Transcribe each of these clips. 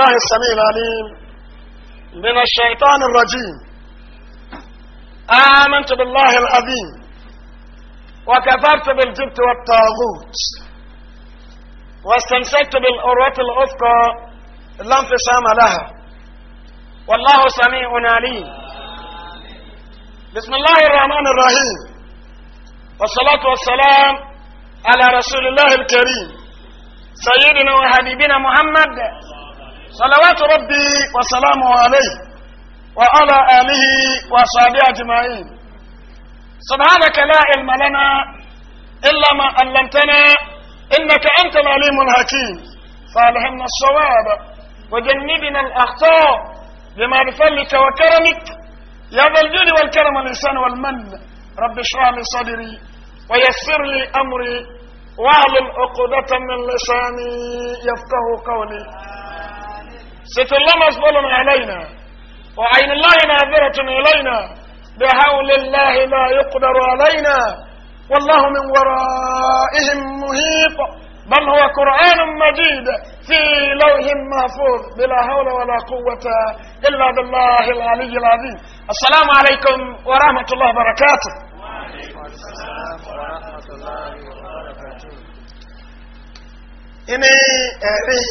الله السميع العليم من الشيطان الرجيم آمنت بالله العظيم وكفرت بالجبت والطاغوت واستمسكت بالأروة الأفقى لا انفصام لها والله سميع عليم بسم الله الرحمن الرحيم والصلاة والسلام على رسول الله الكريم سيدنا وحبيبنا محمد صلوات ربي وسلامه عليه وعلى آله وصحبه أجمعين سبحانك لا علم لنا إلا ما علمتنا إنك أنت العليم الحكيم فألهمنا الصواب وجنبنا الأخطاء بما بفلك وكرمك يا ذا الجود والكرم والإحسان والمن رب اشرح لي صدري ويسر لي أمري واعلم عقدة من لساني يفقه قولي ست الله مقبول علينا وعين الله ناظرة إلينا بحول الله لا يقدر علينا والله من ورائهم مهيط بل هو قرآن مجيد في لوح محفوظ بلا حول ولا قوة إلا بالله العلي العظيم السلام عليكم ورحمة الله وبركاته وعليكم السلام ورحمة الله وبركاته إني أري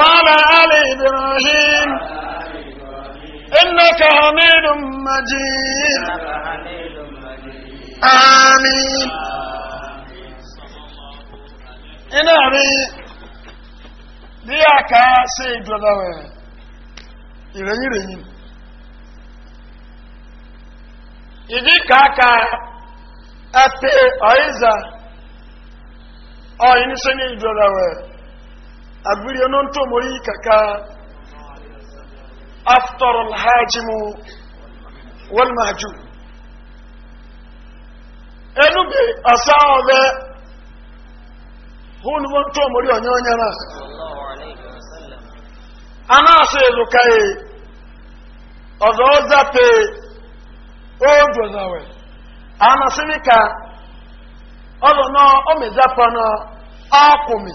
وعلى آل إبراهيم إنك حميد مجيد آمين ina rí bí a ká sí ìjọba rẹ̀ ìrẹ̀yìnrẹ̀yìn ìdí kàákà ẹ̀pẹ́ ọ̀ìzà ọ̀yìn sí ní ìjọba rẹ̀ agbiri ọ̀nà tó mọ̀rí kàkà aftar alhajimu walmaju ẹnubè ọ̀sá ọ̀bẹ hún wọn tó mọ̀rí ọ̀nyọ́ nyara anáṣẹ ìlúkàyè ọ̀zọ́ ọ̀zápẹ̀ ọ̀dọ̀záwẹ̀ anáṣẹ́ níka ọ̀zọ̀ náà ọ̀mẹ̀zápẹ̀ náà ọ̀kùnmí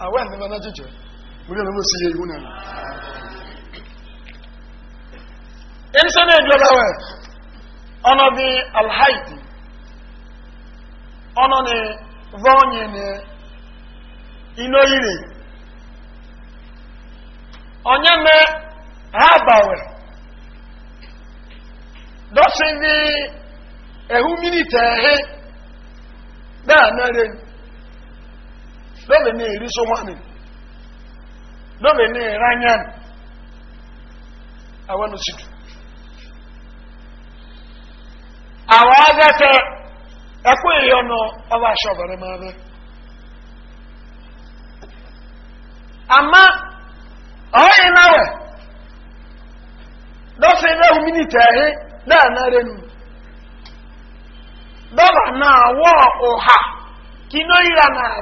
awa ne bana chiche muri no musi ye yuna en sene do la we ono bi al haiti ono ne onye me ha bawe ehumini tehe da lọ́lẹ̀ ní èrí sọmọ́nì lọ́lẹ̀ ní ìrányàn àwọn òṣìṣẹ́ àwọn agẹ́tẹ̀ ẹkú ìyọnu ọba aṣọ ọ̀bẹ̀rẹ̀ máa rẹ̀ àmá ọ̀hìn náwẹ̀ lọ́sẹ̀ ilé omi ní tẹ̀hí dáàná rẹ̀ nù dọ́là náà wọ́ ọ̀hà kí náà yíra náà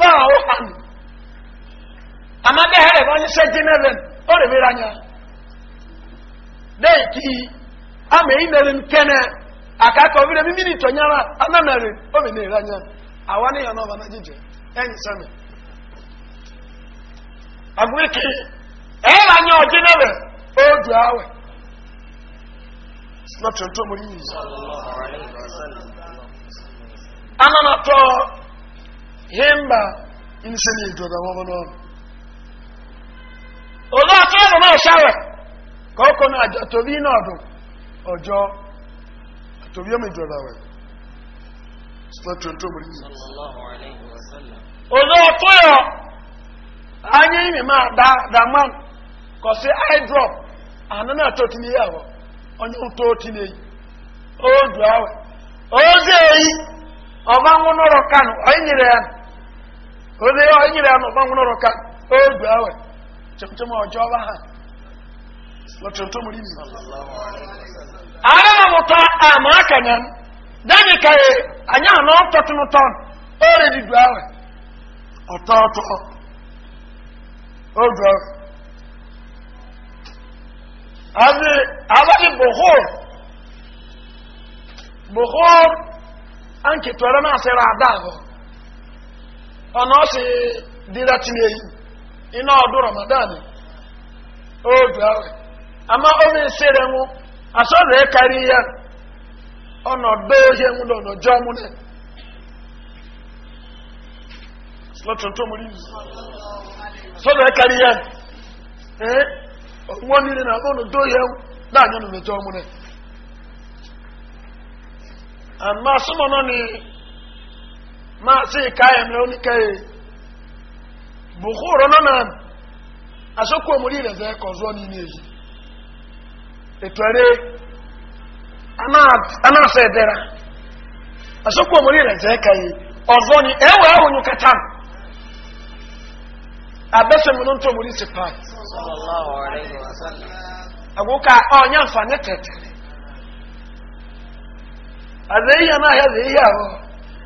náà ó hàn àmọ́ bí ẹ̀rẹ̀ wọ́n ṣe jẹ́nẹ́rẹ̀ ó rẹ̀ mìíràn yẹn dẹ́yì kí àmì ìnẹ̀rẹ̀ kẹ́nẹ̀ àkàkọ̀ obìnrin mímí ní ìtọ̀nyára anánẹ̀rẹ̀ ó mi ní ìran yẹn àwọn níyàn náà bàná jíjẹ ẹ̀yìn sẹ́mi àgbékì himba nse na idoda wọn n'ọnụ olú ọtí ọ̀nà náà na kọ́kọ́ náà àtòbí náà dùn ọjọ́ àtòbí ọmọ ìjọba wẹ̀ sọ́tọ̀ntọ́ mọ̀rí yìí olú ọtí ọ̀ anyị imi ma da daman kọsi eye drop ana na ya onye awe ozi ọba n'ụlọ kanụ onye nyere ya ozi ọ nyere ya n'ụgbọ nwụrụ ka oge awe chemchem ọjọọ ba ha lọchọntọ mụrụ ibi ara na mụta ama aka na m dani ka ye anya anọ tọtụ n'ụtọ o redi du awe ọtọ ọtọ oge awe azi abadi bohor bohor anketọrọ na asịrị ada ahụ ọ̀nà ọ̀sì dìrà tìlẹ̀ yìí ramadan oòdù àwẹ̀ àmọ́ onye ìṣẹ̀rẹ̀ nwụ àsọ̀rọ̀ ẹ̀ kárí ya ọnọdụ ọ̀dọ́ oṣù ẹ̀wọ̀n lọ́nà ọjọ́ na náà lọ́tún tó ya ẹ̀ wọ́n nílẹ̀ náà ọ̀nà ọdọ́ oṣù na láàyè ma se kayan na wani kai buhoro na nan a sokko muri da zai ko zo ni ne ji etore ana ana sai dera a sokko kai ozo ni ewe awo nyu katan abese mu nto muri se pa sallallahu alaihi wasallam agoka onya fa ya na azai yana ya zai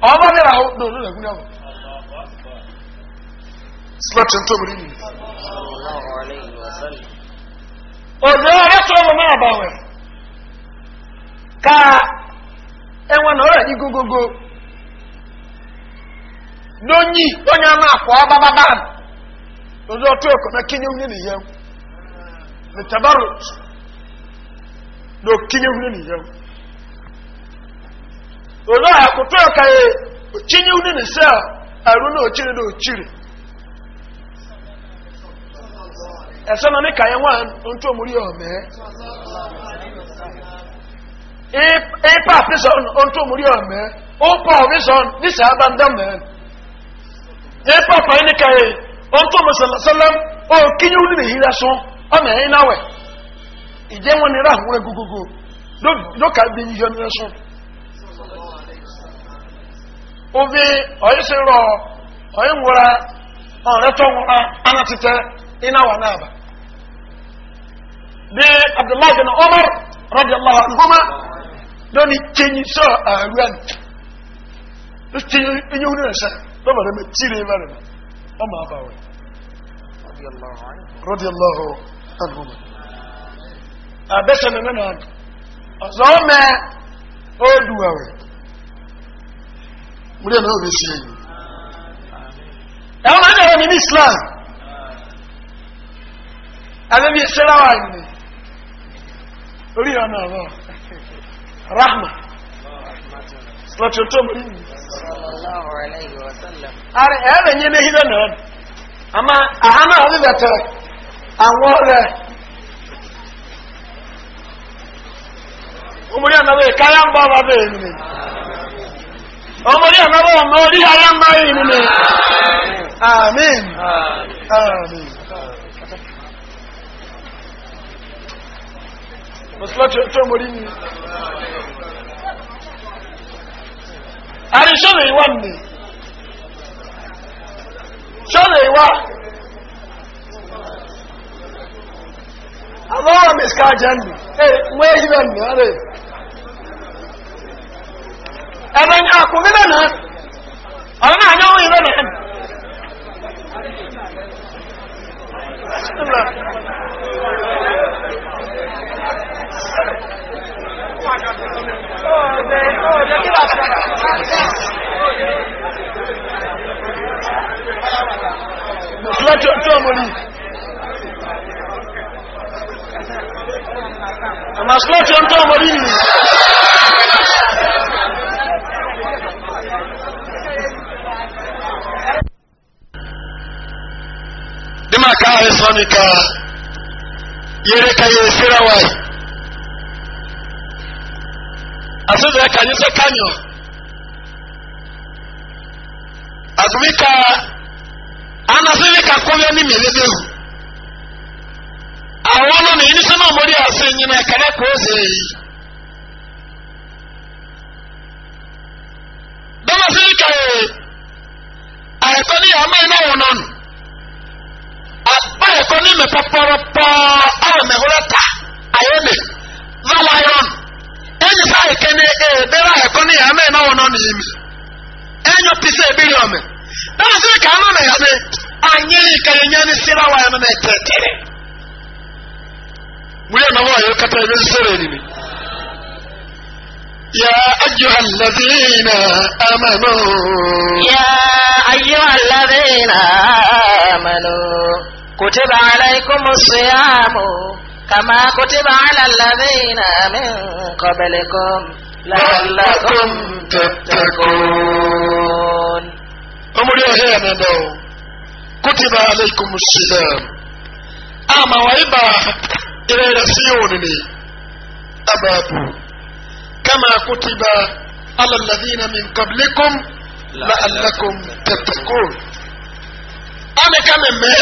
ọba ní ìràwọ̀ náà ló lẹ́gùn náà sílẹ̀tì tó mìíràn yìí. òjò ọlọ́tọ̀ ọmọ náà bá wẹ̀ ká ẹwọn náà rẹ̀ ní gógógó lóyìn lóyìn ọmọ àpò ọbábábá òjò ọtọ́ ẹ̀kọ́ náà kínyẹ́ wúnyẹ́ nìyẹn mẹtẹ́bárò ló kínyẹ́ wúnyẹ́ nìyẹn. olee akụtụ ọka ya na arụ na ochiri na ochiri ya náà ní ya tó mú rí ọmọ ya ipa àfisọ ohun tó mú rí ọmọ ẹ ó ya ọfisọ ya sàábà ń dán mẹ́rin ipa àfàyẹ ní ya ohun tó mú sàlásálám ó kíyún ní ìhírà sún ọmọ ẹ̀yìn obi ọyịsị rọ ọyị nwụra ọrịtọ nwụra anatite ina n'aba bi abdullahi bin umar radiyallahu anhuma lóni kenyi sọ ààrùn ló ti inye wúni rẹ sẹ lọbàrẹ mẹ tí rẹ Ọ ma aba wee. rabi na ọzọ wee. múlẹ̀ náà mi ṣe èyí ẹ̀wọ́n náà yọ̀rọ̀ mi ní islam àbẹ́bí ìṣẹ́láwà ni orí rahma lọ́tí tó mú ní ààrẹ ẹ̀rẹ̀ yẹn ní ilẹ̀ náà àmà àhánà ọ̀rẹ́ bẹ̀tẹ̀ àwọn ọ̀rẹ́ òmùrí ọ̀nà bẹ̀rẹ̀ ọmọdé àgbàbọ̀ ọmọdé ayámbá yìí nínú amen amen mùsùlùmí tó mọ̀rí ni àrí ṣọ́nà ìwà nì ṣọ́nà ìwà àwọn ọmọ ìsìká jẹ́ nì ẹ̀ wọ́n èyí bẹ́ẹ̀ nì ẹ̀rọ ni àkùnrin lónìí ọ̀rọ̀ náà yọ òyìn lónìí hàn Thank you. Qur'ani ka yere ka ye sira wa ye asese ka nye se kanyo asumi ka anasiri ka kɔbɛ ni mele de o awon na ne yi sɛ na ɔmo ase nyina kala ko ose yi. ɛnya ne sira wa ɛno na ɛtɛtɛrɛ wúlò náà wọ́n yẹ kata ẹ̀mí sọ̀rọ̀ ẹ̀ni mi. يا أيها الذين آمنوا يا أيها الذين آمنوا كتب عليكم الصيام كما كتب على الذين من قبلكم لعلكم تتقون أمر يا هيا kutiba aleikum siyam ama waiba irera siyonini ababu kama kutiba ala alladhina min qablikum la'allakum tattaqun ame kame me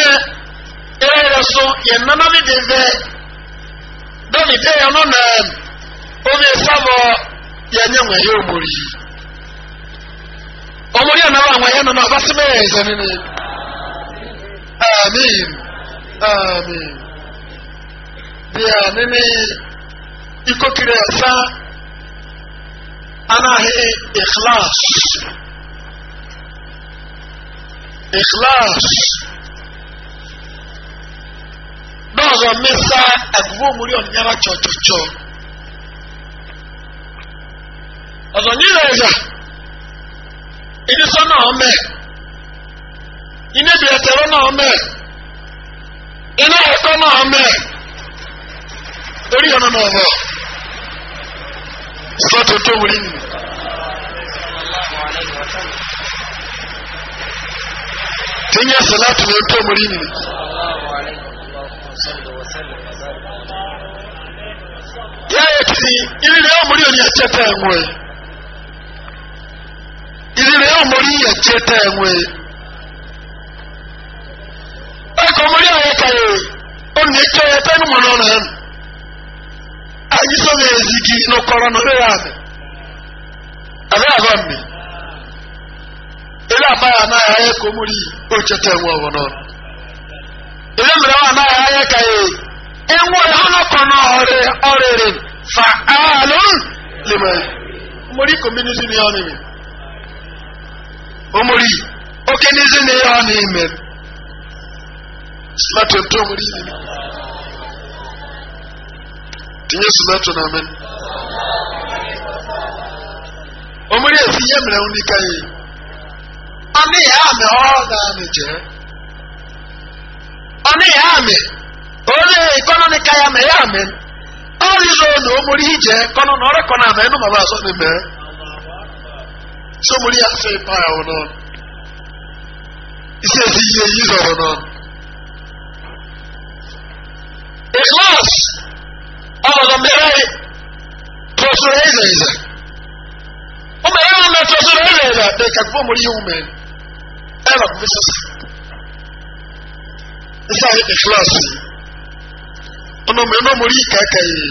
irera so yenana mi deve doni de yono na obi sabo yenye mwe yomuri anawa mwe yenana basime yenze nini Amin. Amin. Bịa nini ikokiri asa anaghị ikhlas. Ikhlas. Dọọzọ mmesa agụba omori ọnyara chọchọchọ. Ọzọ nyere ya. Ịdị sọ na ọmee. iná bí ẹsẹ̀rọ náà mẹ́ iná ẹ̀sọ́ náà mẹ́ orí ọ̀nà náà bọ̀ sọ́tò tó wuli nù. tinya salatu ne to muri ne ya yi kisi iri da ya ce ta yanwe iri ya ce ta kọmọlẹ ọyẹ kàyé ọnà ẹkẹ ọyẹ fẹ ẹnu mọnà ọnà ayi sọ bẹ ya n'ọkọrọ ya bẹyà abẹ abẹ abẹ mi ilé abaya náà ayẹ kọmọlẹ ọjọtẹ ẹwọ ọwọ náà ilé mìíràn náà ayẹ kàyé ẹwọ ẹhánà kọnà ọrẹ fa àlọ lèmọ mọlẹ ní sinatu ntɔ mu ri ndi. tinye sinatu na amen omori efi yɛ mmerɛ wo nika yi ɔne yɛ ame ɔɔda ne gyɛ ɔne yɛ ame ɔne kɔnɔ ne ka yɛ ame yɛ ame ɔne omori yi gyɛ kɔnɔ na ɔre kɔnɔ ame ɛnum aba asɔ ne mɛ sɛ omori yɛ paa us ọlọlọ mẹrẹ tọsọrọ ẹzẹ ẹzẹ ọmọ ẹrẹ ọmọ tọsọrọ ẹzẹ ẹzẹ bẹẹ kakubọ mọ yẹwu mẹ ẹ bá kó fi sẹsẹ ẹsẹ ayé ìfúlọsì ọmọ mẹ ọmọ mọ yìí kàkà yìí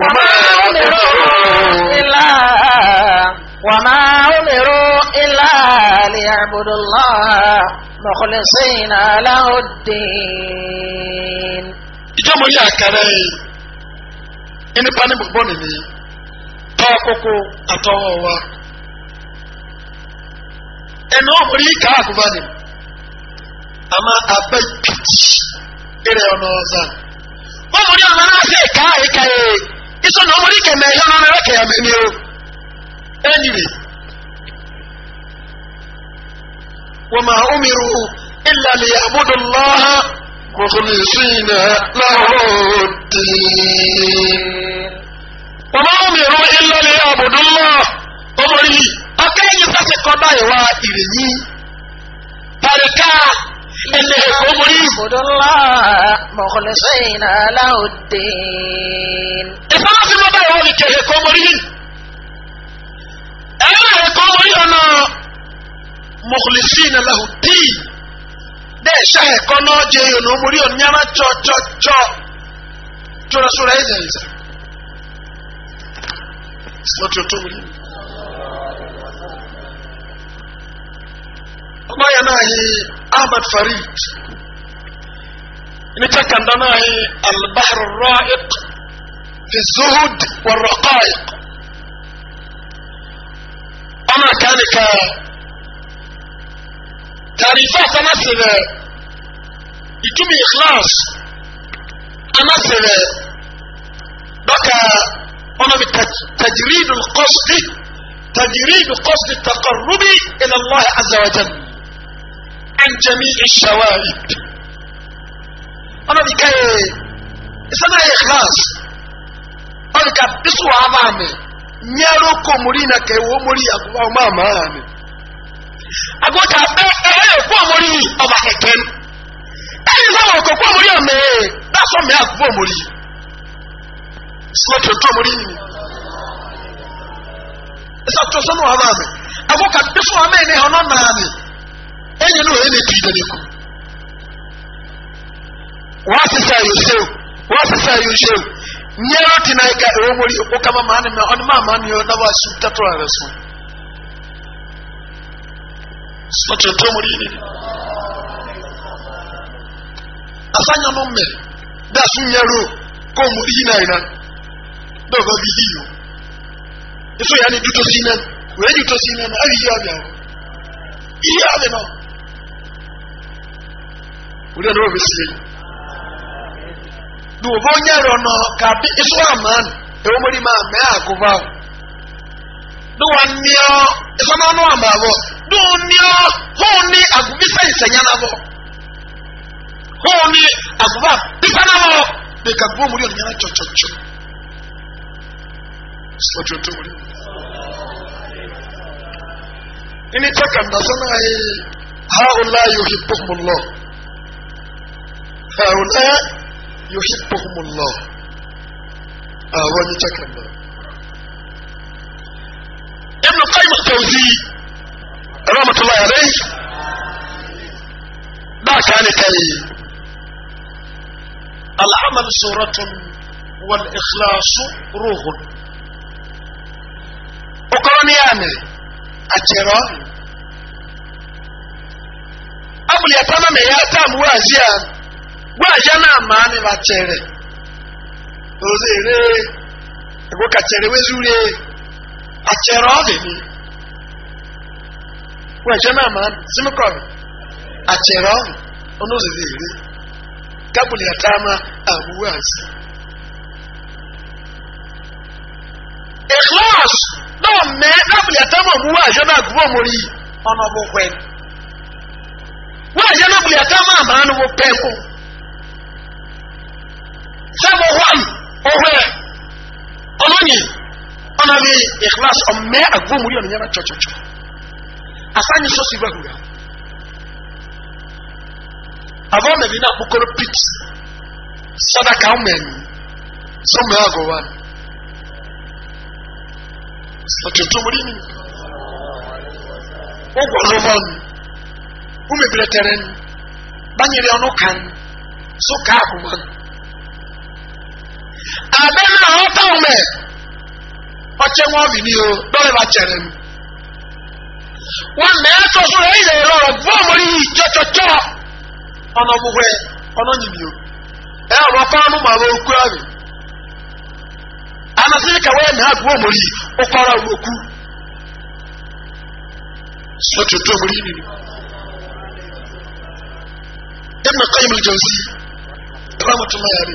wàmà ọmọrọ ilà wàmà ọmọrọ ilà lè àbùdó lọ́wọ́ mọ̀kọ́lẹ́sìn àlàó dèé. ìjọba yìí àkàrà yìí nípa ní bọ̀bọ̀ nìyí tọ́ àkókò àtọwọ́ wa ẹnu ọmọdé yìí kàá àkóbá nìyí àmà abẹ́ pìtì ẹ̀rẹ̀ ọ̀nà ọ̀zà ọmọdé ọ̀nà náà sì kàá ẹ̀ka yẹ ìsọ̀nà na kẹmẹ ẹ̀yọ́ náà ya kẹyà mẹ́ni o ẹ̀yìnrì wọ́n مخلصين له الدين وما أمروا إلا ليعبدوا الله أمري أكاين ساسي قدا يوا إريني تاركا إنه أمري عبد الله مخلصين له الدين إفاسي مدى يوا إكيه أمري أنا أكمري أنا مخلصين له الدين desha heko eh, noje yo nyama cho cho cho n'omuli onyama kyokyokyo kyonasula ezenza kwa ya nahi ahmad farid ni nitakanda naye albahr raiq fi zuhud raqaiq ama kanika tàrífà fana sẹ̀rẹ̀ ìtumì ìkìláàs ana sẹ̀rẹ̀ dọ́kà ọ̀nà bi tajiridu kọ́sìdì tajiridu kọ́sìdì takọ̀rùbì ilẹ̀ lọ́hì azawajan anjami ìṣàwárí ọ̀nà bi káyé ìsẹ́nà ìkìláàs ọ̀nà bi ká bísí wàá máa mi nyẹ́rù kò mórí nà kẹ́ wọ́n mórí àgùnbá ọ̀ma àmàlà mi. agota eh, eh, eh, ẹ ẹ ọba kẹkẹ ẹyìn sáwọn kò fún ọmọrí ọmọ ẹ lásán mi àgbo fún ọmọrí sinọtò tó ọmọrí nìyí ẹsẹ tó sọnù wà bá mi àfọkà tó fún ọmọ ẹ ní ọ̀nà nàá mi ẹyìn ní òye ní ti o wọ́n o sọtì tó mu yìí nìyí asanya no mɛ bɛ asu nyɛ ro kó mu yi na yi na bɛ o ba bi yi o eso yɛ ni duto si na wɛ ni duto si na na ayi yi abia o yi abia na o de n'o bɛ si yɛ do o b'o nyɛ ro nɔ k'a bi eso ama ni ewu mo ni ma mɛ a ko fa o do wa dunia honi agubisa nsanyana bo honi aguba pisana bo beka gbo muri onyana chochocho sojo to muri ini taka ndasana ai haula yuhibbuhumullah haula yuhibbuhumullah awani taka ndasana ابن قيم الجوزي rahmatullahi alayhi dáàkà ni na al'amal suratun wal ikhlasu ruhun okoroniyaani akyerɛ abuli ɛpana na ɛyɛ atam waazi a waazi a naa ne ba kyerɛ ozi ere ego kakyere wezure akyerɛ wẹ̀ṣẹ̀ náà máa simikọ́ọ̀nù àtẹ̀rọ̀ onóòzìzì rí kábùlì àtàmà àwùwà sí. ìkíláàs náà mẹ́ kábùlì àtàmà àwùwà àṣẹ náà gbọ́ mórí ọ̀nà bó pẹ́. wọ́n àṣẹ náà àtàmà àmàlà sábà wọ́n ọ̀hún ẹ̀ ọ̀nà ọ̀nà bíi ọ̀nà yẹn asanyi so si wahura avon na nina akpokoro pit sadaka mmenu so mmenu agọwa ọtụtụ mmiri ni ụgwọ rọmọn umebiretere nụ banyere ọnụ kan so ka ahụman abịa na-aghọta ume ọchịnwa ọbịa n'ihu dọrịba chere m wọn ya ẹsọ sọrọ ẹyẹ ẹrọ rẹ fún ọmọ yìí jọjọjọ ọnà ọmọwẹ ọnà nyìnyín o ẹ ọrọ fáánù mà lọ okú àmì anasi kàwé ẹmẹ àgbo ọmọ yìí ọkọọrọ àwọn okú sọtútù ọmọ yìí nínú ibn qayyim al-jawzi rahmatullahi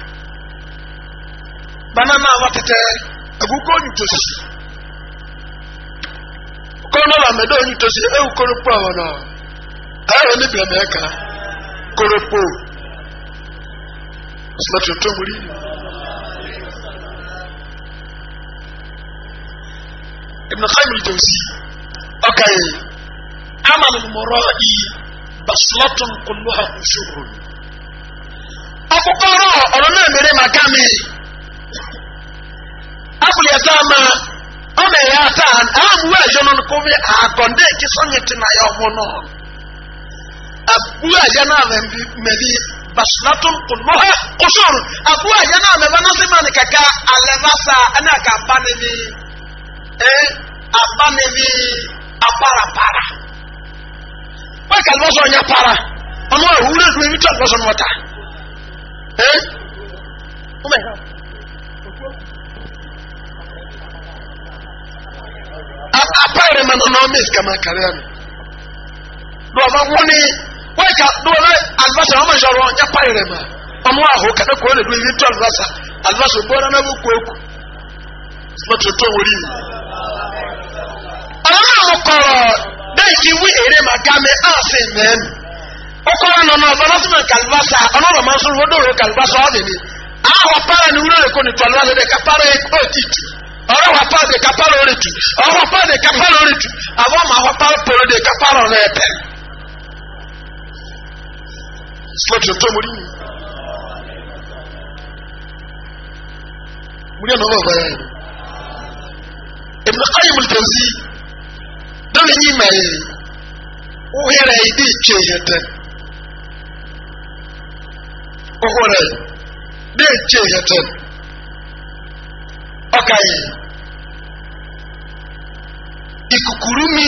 banana awa tete agogo nyitosi kɔnɔ la mɛ dɔw nyitosi ewu koropo awɔ e nɔ ayɔ ne bila mɛ kan koropo sumatu tomori ibn qayyim al-jawzi okay amal al-mura'i baslatun kulluha ushurun akokoro ọ̀rọ̀ náà mèrè màgá mi afọlẹ ẹsẹ ama ọmọ ẹyẹ ata ahuwa ẹyọ no kò fi akọnde ẹkí sọnyẹ ti na yẹ ọmọ nọ ahuwa ẹyẹ náà mẹ mẹbi basunatu kunmọ ẹ kọsọrọ ahuwa ẹyẹ náà mẹ bẹna sẹ mani kaka alẹbasa ẹna e, ka ba ne bi ẹ aba ne bi aparapara wọn kà lọsọ para ọmọ ẹwúrẹ ẹdùn ẹbi tó ẹgbọsọ ní wọn ta ẹ ọmọ apáyẹrẹ mẹ nínú ọmọ ìsìkà máa kàrí ẹnu lọ ọmọ wọn ni wọn ìka lọ ọmọ alibasa ọmọ ìṣòro ọnyá apáyẹrẹ mẹ ọmọ àhó kàdé kọ́ lè lu ibi tó alibasa alibasa bọ́ọ̀rọ̀ náà bó kú okù sọ́tò tó wòlí yìí. ọ̀rọ̀ náà mo kọ̀rọ̀ bẹ́ẹ̀ kí wí èrè màá gá mi ààfin mẹ́ẹ̀mù ọkọ̀rọ̀ nọ náà ọ̀nà sọ̀rọ̀ kalibasa ọlọ́rọ̀ máa ń sọ̀rọ̀ wọ́dọ̀rọ̀ kalibasa ọ̀dẹ̀ ni àwọn apáyẹ̀ ni wúlò lè kó ni tó alibasa dẹ̀ kápárẹ̀ ó ti tù ọrọ wà fà de kapa lórí tu ọwọ fà de kapa lórí tu àwọn ọmọ àwọn pàrọ polo de kapa lọ rẹ pẹ. sọtì tó múri mi múri ẹnu ọgbà yẹn ebile ayé mu tẹ̀sí dọ́là yìí mà yìí wúhẹ́rẹ́ yìí dì yẹn tẹ wúhẹ́rẹ́ dì tse yẹn tẹ ọkà yìí. ikuku rumi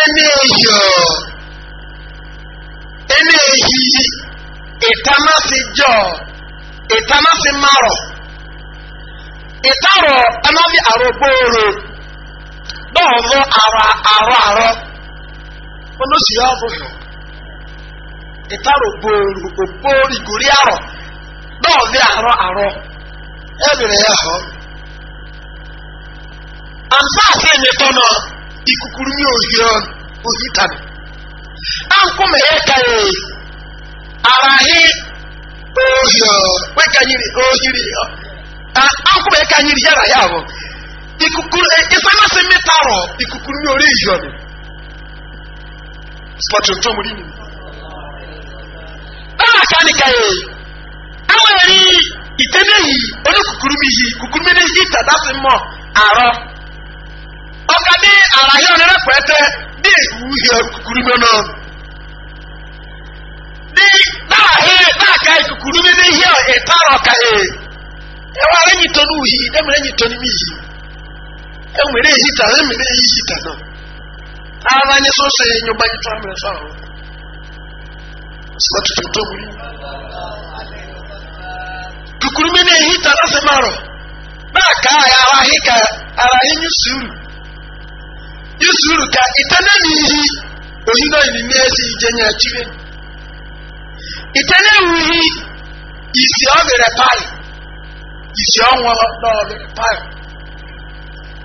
eneyo eneyi etamasi jọ etamasi marọ ìtarọ ẹnọbi àrògbòòrò dọọvọ àrọ àrọ si olóṣì ọvùhù ìtarọ gbòòrò ògbòòrò ìgòrí àrọ dọọvi àrọ àrọ ẹbìrì ya ansaasa oh, oh, oh, eh, enyetɔ ah, no ikukuru mi ohia ohita no ankoma yɛ kae arahe ohia ohiri ankoma yɛ kanyiri yɛra yɛ ikukuru esana se metarɔ ikukuru mi ore ihia no spɔtɔ ni kae ama yɛ ni yi onu kukuru ọka dị arahịa ọnịrị kwete dị uhie kukurumeno dị na narahịa n'aka ikukurume n'ihe ịtara ọka e ewere nyito n'uhi emere nyito n'ime ihi enwere ehita emere ehita nọ ara anyị sọsọ enyo gbanye tụrụ ahụ sọ ahụ sọtụtụ toburi kukurume na ehita na semarọ n'aka ya arahịa ka arahịa nye suru yusuru ka itene n'ihi oyibo emime ezi ijenye chiri itene wuhi isi ọbịrị pali isi ọnwa n'ọbịrị pali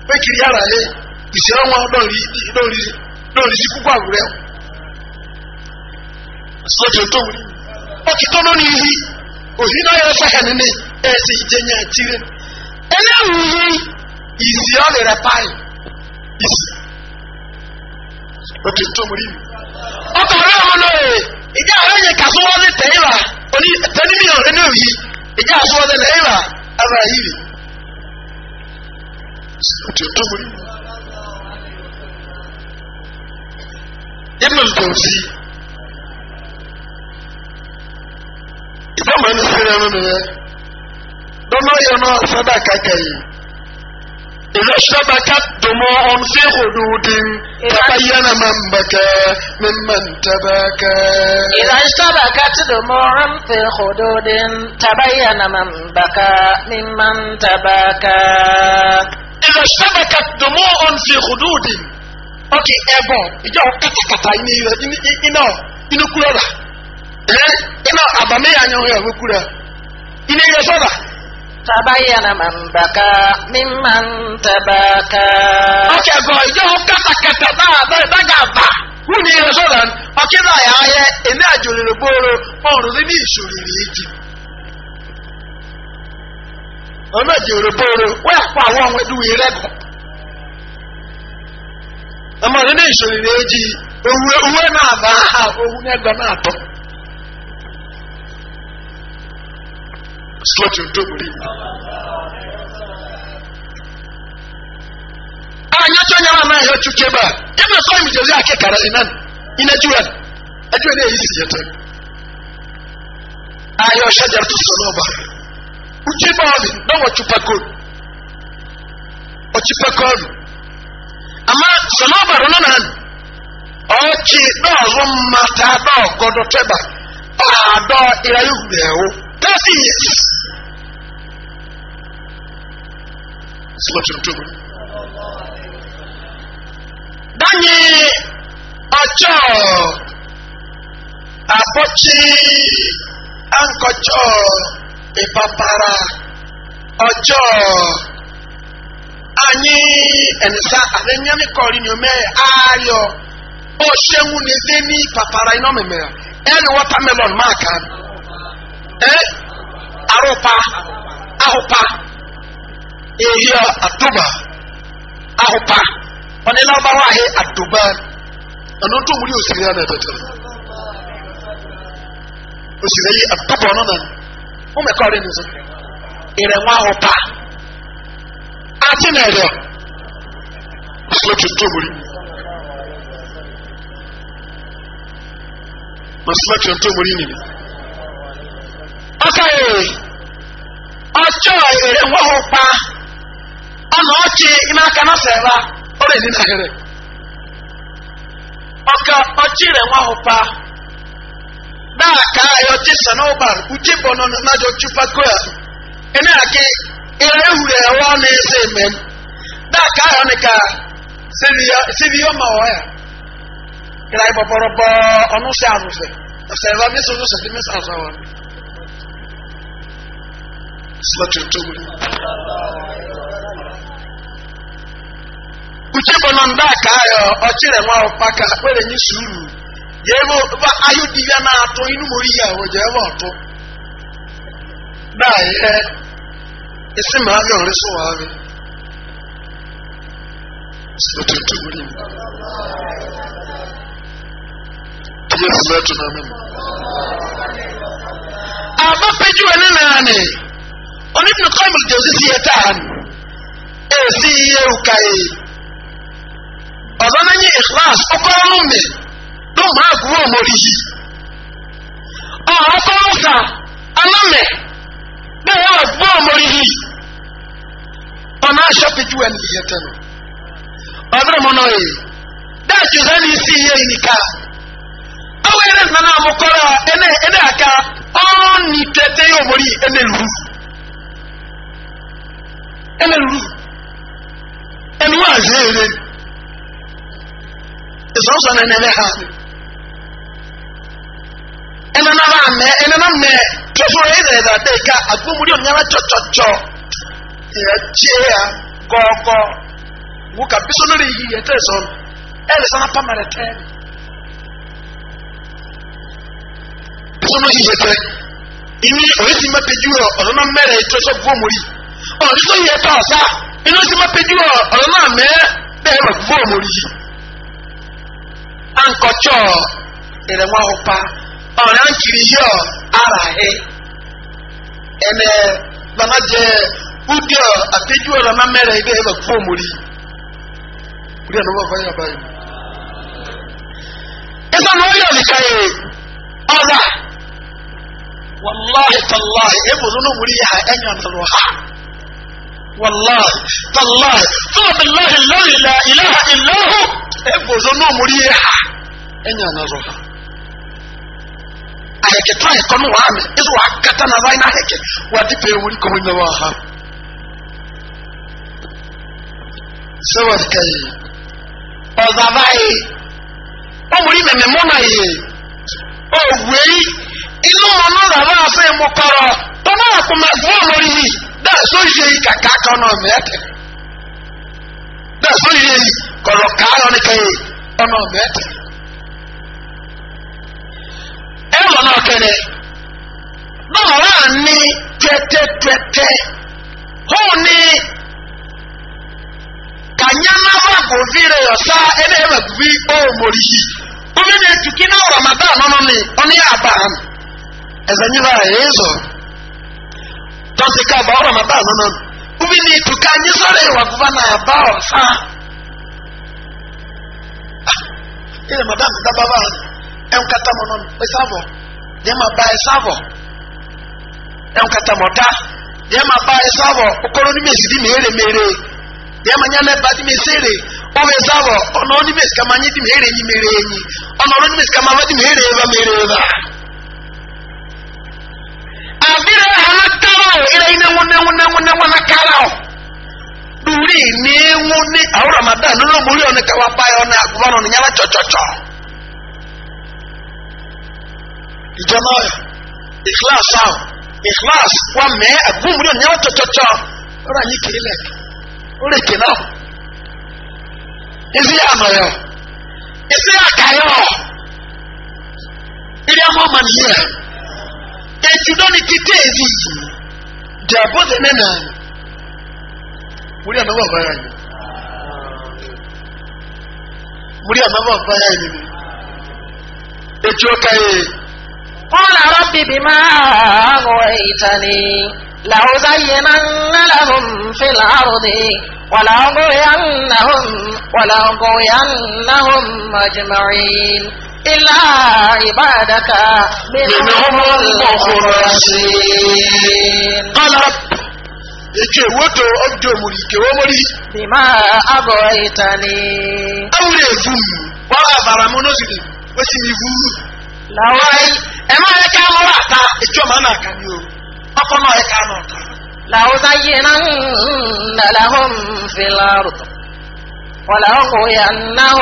wekiri ya rahe isi ọnwa n'orisi kwukwa wure sojo to wuri ọkịtọnọ n'ihi oyibo ya ọfahịa nene esi ijenye chiri ele wuhi isi ọbịrị pali isi òtí tó mú rí mi. ọ̀tọ̀ ọ̀rẹ́ ọmọ náà rè ìjà àárẹ̀ yẹn kà sówọ́ ní tẹ̀yìnrà oní tẹ̀ní mílíọ̀nù nínú yìí ìjà àsówọ́ ní tẹ̀yìnrà ara yìí rè òtí tó mú rí mi. ibnu ntòsí ìfọ̀mọ́ ní sílẹ̀ nínú yẹn dọ́nà yẹn náà sọ́dà kàkà yìí. إذا اشتبكت دموع في حدود تبين من بكى ممن تبكى إذا اشتبكت دموع في حدود تبين من بكى ممن تبكى إذا اشتبكت دموع في حدود أوكي أبو إجا كتا كتا إني إني إني إني كورا إني أبامي أنيو يا كورا إني يا تبين من بكى ممن تباكى أكبر يوم كتا كتا دا دا دا غابا wúni ìrẹsọ̀rọ̀ ọ̀kíńdà yà á yẹ èmi àjòlélò gbòòrò ọ̀rùn ní ní ìṣòrìrì èjì ọ̀nà àjòlélò gbòòrò wọ́n yà pa àwọn ọmọ ẹdùn ìrẹ́gùn ọmọ ní ní ìṣòrìrì èjì slọtì ntòmùrì. anya tó nyɛ maa yɛ tu kye ba ebi kɔ mu jɛli ake kara inan ina juwa adwuma ne yi siyɛ tɛ a yɛ ɔhyɛ jɛri tu sɔrɔ ba uti bɔɔli na wɔ tupa ko ɔtupa kɔɔli ama sɔrɔ ba do nana ɔkye na ɔmo ma taa na ɔgɔdɔ tɛ ba ɔha dɔ ira yi hu bɛɛ wo thirty years sọ tuntum danye ọjọ abọchi ankọjọ ìpapara ọjọ anyị ẹnisa àlẹnyẹmí kọrin ní ọmọ ẹ ayọ ọṣẹwùn ní zeni papara iná mẹmẹrẹ ẹni wọtamẹlọn máa kàn. eh arụpa ahụpa ehia aduma ahụpa ọdị na ọgbawa ahị aduma ọnụ ntụ mmiri osiri ya na-ebetere osiri eyi aduma ọnụ na ụmụkọrị n'ụzọ ire nwa ahụpa atị na-ere otu ntụ mmiri na osimiri ntụ mmiri nini ọkaghị ọchọ ere ụkpa ọ na ọchị ime aka na ọ na ahịrị ọka ọchị ere nwaghị ụkpa daa ka ahịa ọchị sọ n'ụbara nọ na mmadụ chụpako ya ene ake ere ewe ọ na-eze eme daa ka ahịa nịka ma ọ ya kịra ịbọbọrọ ọnụ si arụsị na dị sọ́tù tó wù. Uchebo na ndị aka ayọ ọchịrị nwa ọpaka kwere nye suru yee bụ ayụ di ya na-atụ inu mori ya o jee bụ ọtụ. Daa ihe esi ma abịa ọrị sụwa abịa. Sọ́tù tó wù. Yesu mẹ́tụ na mẹ́mụ. Abapẹjuwe nínú ya onye nnu kọmil dị osisi ya taa esi ihe ụka e. ọzọ n'enye ikhlas ọkọrọ n'ume n'ụmụ agụrụ omorihi ọha ọkọrọ aname n'ụmụ agụrụ omorihi ọ na-ashọpụ ju ya n'ihe tenu n'oyi ọ na-amụkọrọ ene aka ọrụ n'itete ya omori ɛna lulu ɛnu wa ahyɛ yɛ lɛn esɔnsɔ na ɛnɛ lɛ ha ɛnɛ na ba mɛ ɛnɛ na mɛ tɔso yɛ lɛ lɛ abɛ ka agbomori onyala tsɔtsɔtsɔ yɛ tsie ya kɔkɔ wo ka biso na le yi yɛ e tɛ sɔn ɛlɛ sɔn na pama lɛ tɛ biso na yi yɛ tɛ ini oye ti ma pe ju rɔ ɔlɔna mɛrɛ e tɔso gbomori. ọ̀rọ̀ tó yẹ tó ọ̀sá inú sí máa péjú ọ̀rọ̀ náà mẹ́ bẹ́ẹ̀ mọ̀ fún òmò rí. àǹkọ̀tsọ̀ ìrẹ̀wọ̀n ọ̀pá ọ̀rẹ́ àǹkiri yọ ara ẹ̀ ẹ̀nẹ̀ bàbá jẹ wúdíọ̀ àpéjú ọ̀rọ̀ náà a bẹ́ẹ̀ mọ̀ fún òmò rí. kúrẹ́ ní wọ́n nìkan yìí ha. والله تالله ثم بالله الذي لا اله الا هو ابوزونو مريحا اني انا زوها ayeke to ayeke no waame ɛsɛ waakata na vae na aheke wade pɛɛ wuri kɔmɔ nyina waaha sɛ wadekae ɔzavae ɔmuri mɛmɛ mɔ na ye owei inú ɔno zava asɛ mokɔrɔ tɔnɔ akoma zɔ ɔmɔri yi dẹ́ẹ̀ sọ yíyẹ yìí kàkà kan náà mẹ́ẹ̀tẹ̀ dẹ́ẹ̀ sọ yíyẹ yìí kọ̀rọ̀ káyọ̀ ní kẹyẹ ọ̀nà mẹ́ẹ̀tẹ̀ ẹ mọ̀ náà kẹrẹ náà wà ní tẹ́tẹ́tẹ́tẹ́ hóun ní kanyama wa govi rẹ yọsa ẹbẹ ẹbẹ govi ọmọri yi omi na etuki na ọrọ mada anọ nọ ni ọ ní yà abá ẹsẹ nyi ba ẹ yẹ zọrọ dɔnsi ka ba ɔrɔ ma ba nana ubi ni tuka nyi sɔrɔ yi wa fufa na ba ɔfa yɛrɛ ma ba mi da baba ɛnkata mɔ nɔnɔ ɛsavɔ yɛma ba ɛsavɔ ɛnkata mɔ da yɛma ba ɛsavɔ okoro ni mesi di meere meere yɛma nyalɛ ba di mesere ɔwɔ ɛsavɔ ɔnɔ ni mesi kama nyi di meere nyi meere nyi ɔnɔ ni mesi kama ba di meere ba meere ba. avire hakaro ila ine ngune ngune ngune ngune karao duri ni ngune au ramadan lo muri one kawapai one akubano ni nyala chochocho ijamaa ikhlas au ikhlas wa me agumuri one nyala chochocho ora nyikile ore kinao izi amayo izi akayo ili amoma ekyidono kiteezi dyaboze nenaani muri amaba abayanyu muri amaba abayanyu ekyokaye قال رب بما أغويتني لأزينن لهم في الأرض ولأغوينهم ولأغوينهم أجمعين إلا عبادك منهم المخلصين قال رب ike woto ọjọ omori ike wọn mori. bima abọ itani. awuri evu mu wàrà àbàrà mu n'osiri wesi mi vu. lawari ẹ máa yẹ ká lọ́wọ́ àta. ìjọ máa ọkọ ihe na wàlá ọkọ ya náà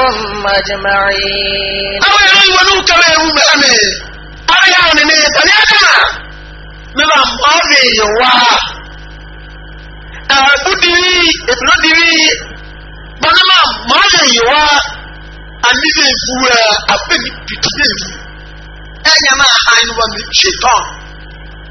màjìmárì. àwọn ẹ̀rọ ìwé ní kẹrẹ ewu bẹ́ẹ̀ mi àwọn ẹ̀rọ ní ní sani ẹ̀ka nígbà mọ́ọ̀lì wá ẹ̀kú dìrí ètùnú dìrí bọ́nàmà mọ́ọ̀lì wá àníbẹ̀ ìfúwẹ́ àfẹ́ ní pìtìlẹ̀ ìfú ẹ̀yẹ náà àyìnbọn mi ṣètọ́n.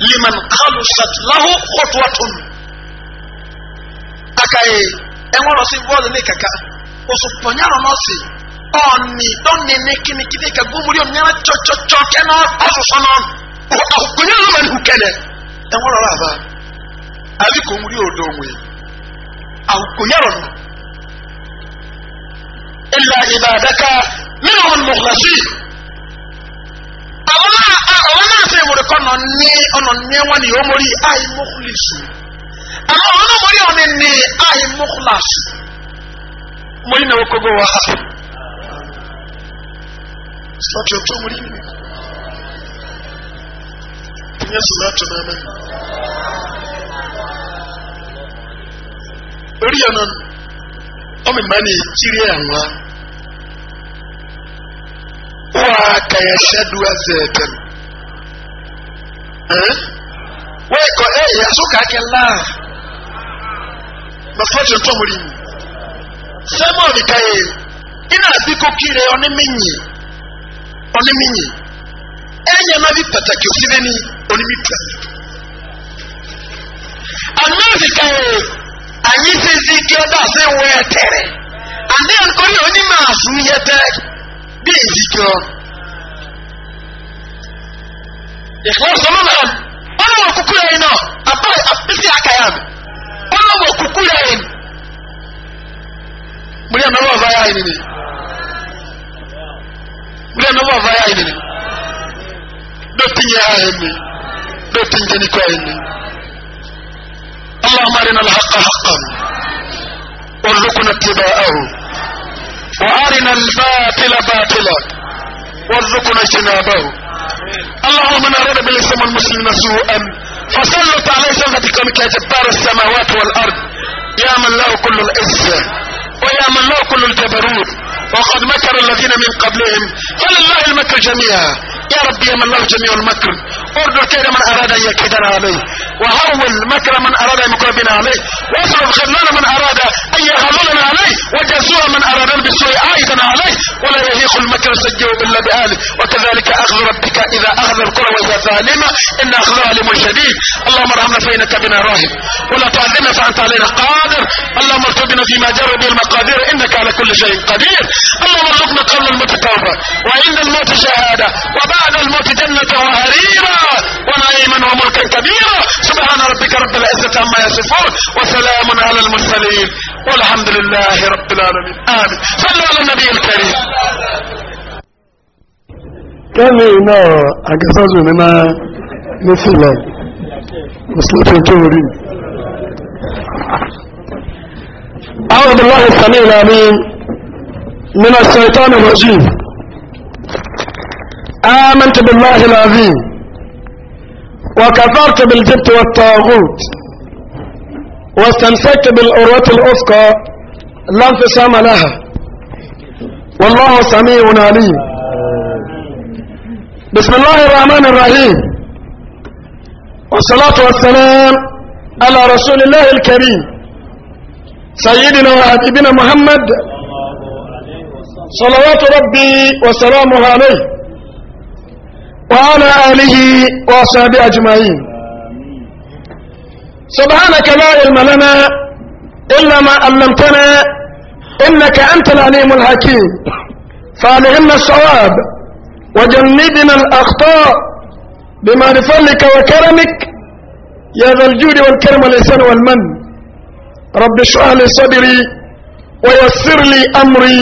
liman kalusat lahu kotwatun akaye ɛŋɔrɔ si bɔɔlu ne kaka osopɔnyarɔ n'ɔsi ɔni dɔnene kini kini ka gomori ɔnyala tsɔtsɔtsɔ kɛnɛ ɔsosɔ nɔ akonyalo ma nu kɛnɛ ɛŋɔrɔ la ba ali komori o dɔn we akonyarɔ nu ila ibadaka minnu mɔgɔlasi. àwọn náà fẹ́ kọ́ ọ̀nà ní ọ̀nà ní wọn ni omori àìmọ́kùlẹ̀sù àwọn ọ̀nà ọ̀nà ní àìmọ́kùlẹ̀sù mo yín náà kókó wá sọ́tì ọ̀tọ́ omori nìyẹn ìyẹn sùn láti náà orí ọmọ ìmọ̀ kírí waka yɛhyɛ do azɛɛtɛm wɔkɔ ɛyɛ aso kaakɛ laa bɛfɔ tuntun mu sɛm a ɔdeka yɛ ina abi kokire ɔne me nyi ɔne me nyi ɛnyɛ ma bi pataki osi bɛ ni ɔne mi tura ana ɔdeka yɛ anyi sisi kí ɔda ase wɔ ɛtɛrɛ ane nkɔli onimaasu yɛ tɛrɛ bí ìdí jọ. ìfọwọ́ sọmọ náà wọn náà wọ kúkú yẹn náà àbá àbísí àkàyà mi wọn náà wọ kúkú yẹn. mo ní ẹ̀ mẹ́wọ́ ọ̀fà yá yìí nìyí. mo ní ẹ̀ mẹ́wọ́ ọ̀fà yá yìí nìyí. bẹ́ẹ̀ tí yẹn yá yẹn mi bẹ́ẹ̀ tí yẹn ní kọ́ yẹn mi. اللهم ارنا الحق حقا وارزقنا اتباعه وارنا الباطل باطلا وارزقنا اجتنابه اللهم من اراد بالاسلام المسلمين سوءا فسلط عليه سلطة كرمك جبار السماوات والارض يا من له كل العزة ويا من له كل الجبروت وقد مكر الذين من قبلهم فلله المكر جميعا يا رب يا من له جميع المكر اردع كيد من اراد ان يكيدنا عليه وهول مكر من اراد ان يمكر بنا عليه واصرف خذلان من اراد ان يغللنا عليه وجزوع من اراد بالسوء عائدا عليه ولا يهيق المكر سجوا الا باهله وكذلك اخذ ربك اذا اخذ القرى وهي ظالمه ان اخذها لم شديد اللهم ارحمنا فانك بنا راهب ولا تعذبنا فانت علينا قادر اللهم ارتبنا فيما جرى به المقادير انك على كل شيء قدير اللهم ارزقنا قبل الموت توبه وعند الموت شهاده وبعد الموت جنه وهريرة ونعيما وملكا كبيرا سبحان ربك رب العزه عما يصفون وسلام على المرسلين والحمد لله رب العالمين امين صلوا على النبي الكريم كم هنا àgẹ́sọ́sùn هنا máa ní sílẹ̀ أعوذ بالله السميع العليم من الشيطان الرجيم آمنت بالله العظيم وكفرت بالجبت والطاغوت واستمسكت بالأروة الأفقى لا انفصام لها والله سميع عليم بسم الله الرحمن الرحيم والصلاة والسلام على رسول الله الكريم سيدنا وحبيبنا محمد صلوات ربي وسلامه عليه وعلى آله وصحبه أجمعين سبحانك لا علم لنا إلا ما علمتنا إنك أنت العليم الحكيم فعلمنا الصواب وجنبنا الأخطاء بما لفضلك وكرمك يا ذا الجود والكرم والإحسان والمن رب اشرح لي صدري ويسر لي أمري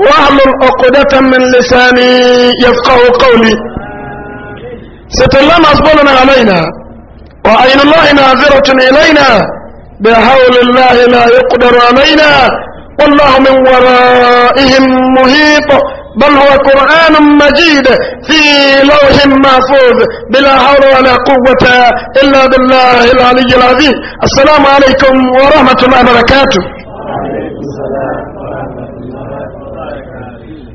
واعلم عقدة من لساني يفقه قولي ستر أصبرنا علينا وعين الله ناظرة إلينا بحول الله لا يقدر علينا والله من ورائهم مهيط بل هو قرآن مجيد في لوح محفوظ بلا حول ولا قوة إلا بالله العلي العظيم السلام عليكم ورحمة الله وبركاته وعليكم السلام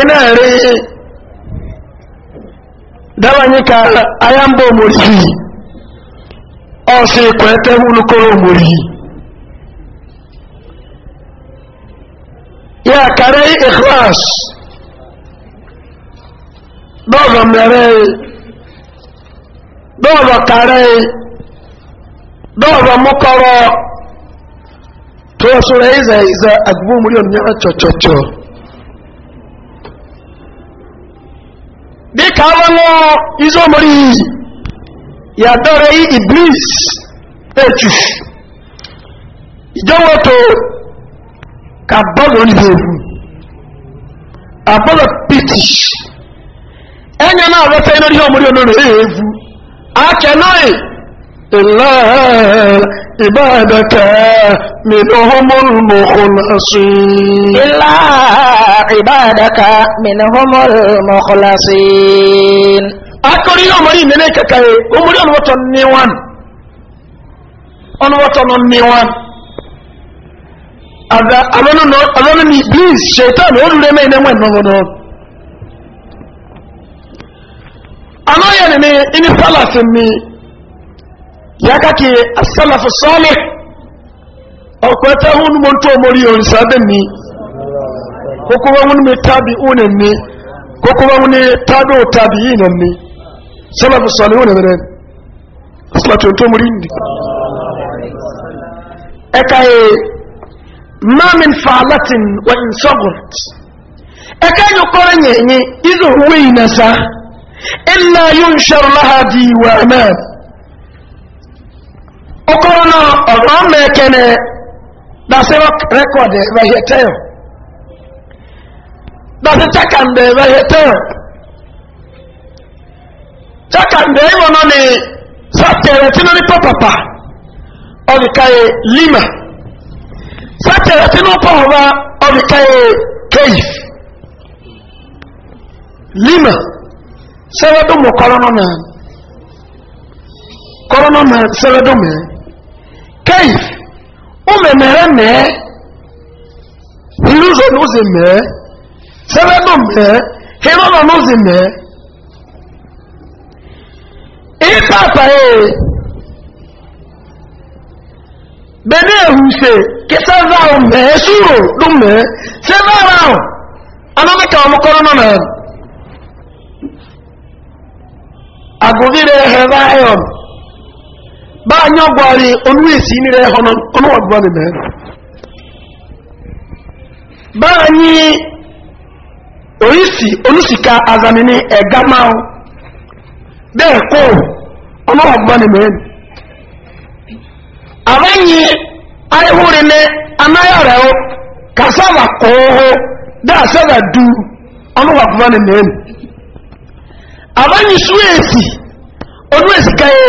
ina rí dáwàníkà ayámbò mòrí ọ̀sẹ̀ ikọ̀ ẹ̀tẹ́ wúlùkọ́rọ̀ mòrí ya kàrẹ́ ìkìláṣ dọ́ọ̀lọ̀ mẹ́rẹ́ dọ́ọ̀lọ̀ kàrẹ́ dọ́ọ̀lọ̀ dịka awanwụ izomori izi ya dọrọ iblis echu ijewoto ka bọlụ olivewu abọlụ piti enye na-awọta ihe omori onoro ewu akenọghị إلا عبادك منهم المخلصين إلا عبادك منهم المخلصين أكوري أمري منك كي أمري أنوطن نيوان أن أنوطن نيوان أذا ألونا ألونا نبيز شيطان أولو لما ينوان نوان أنا يعني إني فلسني ya kake asalafu salih ọkwata hun mun to mori sabin ni ko kuma hun mai tabi'unan ne ko kuma hun tabi'u tabi'inan ne salafu salihun ne ne asalatu to mori ni ndị kai ma min e okoro na ọ̀rọ̀ mẹ́kẹ́nẹ́ dasi rẹ́kọ̀dì rẹ́hẹ́tẹ́l dasi takande rẹ́hẹ́tẹ́l takande ìwọ̀n náà ni sátẹ̀rẹ̀ tí lórí pọ̀pọ̀pà ọ̀dìkàyè lima sátẹ̀rẹ̀ tí lórí pọ̀pọ̀pà ọ̀dìkàyè keif lima sẹ́wọ́dún mọ̀ kọ́rọ́nà náà kọ́rọ́nà náà sẹ́wọ́dún mẹ́rin kéyì ó mẹ̀mẹ̀rẹ̀ mẹ́ẹ́ ilúzọ ní ó sì mẹ́ẹ́ sẹ́lẹ́dùn mẹ́ẹ́ hírọ́nà ní ó sì mẹ́ẹ́ ìpàtà èè bẹ̀rẹ̀ èhùsè kí sẹ́lẹ́dà ọ̀ mẹ́ẹ́ súrò ló mẹ́ẹ́ sẹ́lẹ́dà ọ̀ anọ́mẹ́kà ọmọkọ́rọ́ náà àgùnrí rẹ̀ hẹ̀rẹ́ ayọ̀nù báyìí ọgbọ̀rin olúwèsí ní rẹ̀ ọlọ́wọ̀gbọ́n mẹ́rin báyìí orísì olùsìká azamini ẹ̀gá máa bẹ́ẹ̀ kó ọlọ́wọ̀gbọ́n mẹ́rin àbáyìí ayéwúri ní anáyọ̀rẹ̀ ó kàsáwà kòóhó dáàsẹ́wà du ọlọ́wọ̀gbọ́n mẹ́rin àbáyìí súwèsì olúwèsì káyé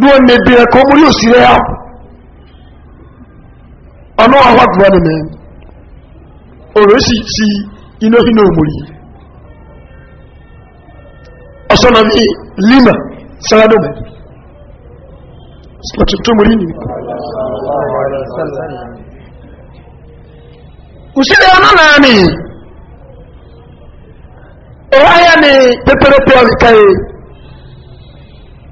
ní wọn nèbi ẹkọ mo ní òsì rẹ yá ọ̀nà àwọn àgbà ni mẹ́ ọ̀rọ̀ sì sí iná iná òmùrì ọ̀sọ́nà ní lima sáradọ́mẹ́ sọ̀tún mú rí ni òsìlẹ̀ ọ̀nà náà ni ọ̀rọ̀ ayá ni pẹ́pẹ́rẹ́pẹ́ ọ̀rìkáyé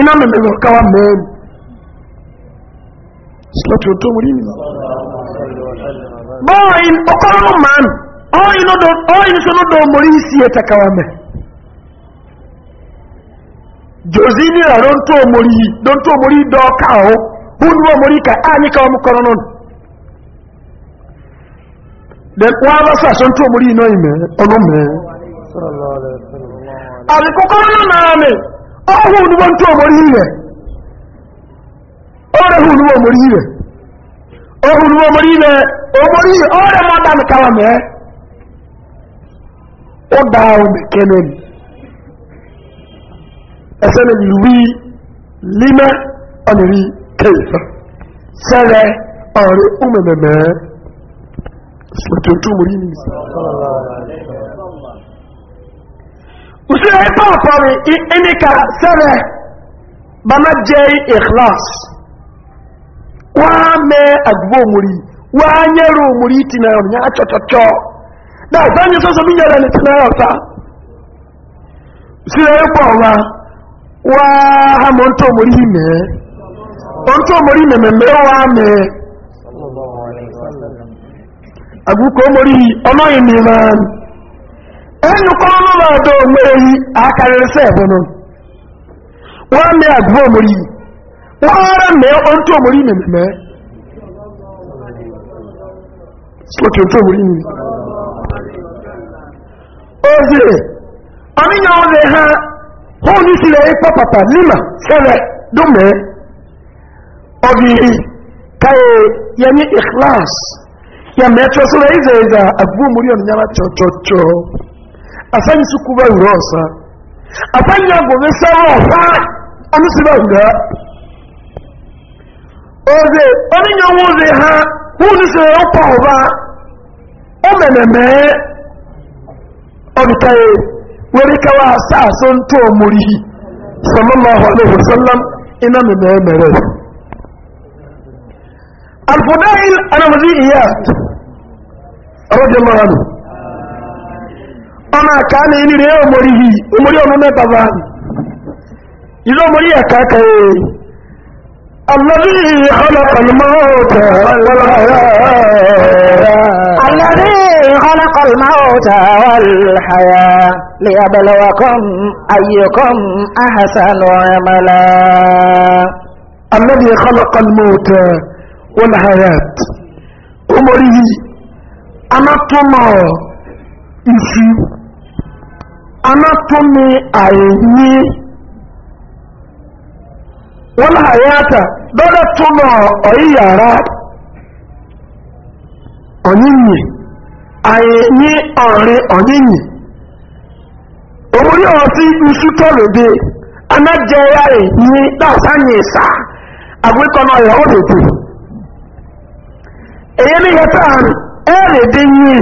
Ina mẹ́mẹ́ lọ káwà mẹ́rin sílọ́tì òtó mú nínú bọ́ọ̀in ọkọ̀rọ̀ man ọ́yìn sọ́nọ́dọ̀ mọ̀rí sí ẹ̀ta káwà mẹ́ jòzí ní ọ̀rọ̀ ń tó mọ̀rí dọ́n tó mọ̀rí dọ́ọ̀ká ọ́ bùn wọ́n mọ̀rí ká áyí káwà mú kọ́rọ̀ náà dẹ̀ wọ́n bá sà sọ́n tó mọ̀rí iná ìmẹ́ ọlọ́mẹ́ àbíkọ́kọ́rọ̀ náà mẹ́ ọhụụ n'ugbo ntụ hụ n'ugbo omori ire ọhụ n'ugbo omori ire omori ire ọrịa mmadụ amịkara mee ụda ahụ mekene m usoro ebe a ịnị ka sere bana jee ikhlas waa mee adubo omuri waa nyere omuri itinye ya ọnya na na ya ọta ebe ọwa waa ha ma ntụ omuri waa ẹnu kọ́nù náà dọ̀ mọ́ èyí àkàrẹ̀rẹ̀ sẹ́ẹ̀bọ̀ náà wọ́n mẹ́ àgbọ́ òmòrí wọ́n rẹ̀ mẹ́ ohun tó òmòrí mẹ́mẹ́ sókè tó òmòrí mi ozi ọmọnyà ọdẹ ha hún ní sílẹ̀ ipọ̀ pàpà nímà sẹ́rẹ̀ dọ́mẹ́ ọdí káyẹ yẹ ní ìkláàsì yẹ mẹ́tọ́ sílẹ̀ ìzẹ̀ ìzà àgbọ́ òmòrí ọ̀nìyàn chọ̀chọ̀chọ̀ asani suku ba wuro ọsa afanya gobe sáwọn ọfa ọmọsílẹ ọgá ọdẹ oníyanwó ọdẹ ha wọn ní sọ ọpọ ọba ọmọnẹmẹ ọdùkàyè wẹríkàwá sáàsó ntọ ọmọrí sallallahu alaihi wasallam iná mẹmẹ alfudail ọmọ àká ní inú rẹ̀ òmòrí yìí òmòrí ọmọ mẹ́ta bá ní ilé òmòrí ẹ̀ka kẹrẹ alẹ́rí ọlọ́kọ̀lùmọ́ọ̀tẹ̀ alẹ́rí ọlọ́kọ̀lùmọ́ọ̀tẹ̀ wàlhàyà lè abẹ́lẹ́wàkọ́m ayẹ́kọ́m ahàsánù ọ̀rẹ́mọ́lá alẹ́rí ọlọ́kọ̀lùmọ́ọ̀tẹ̀ wàlhàyà òmòrí yìí anátọ́mọ̀ ìṣú anatomy àìní wọ́n láyáta lọ́dọ̀ túnmọ̀ ọ̀yíyàrá ọ̀yíyìn àìní ọ̀rin ọ̀yíyìn òmúrí ọ̀tí iṣú tọ́lùdé anájẹyà rẹ̀ yọrọ láàsáyì ìsà àgbékọ́nà ìyàwó lèdè èyí ní yẹta ẹ̀rẹ̀dẹ̀ yìí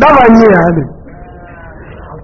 dábàá yìí àrẹ̀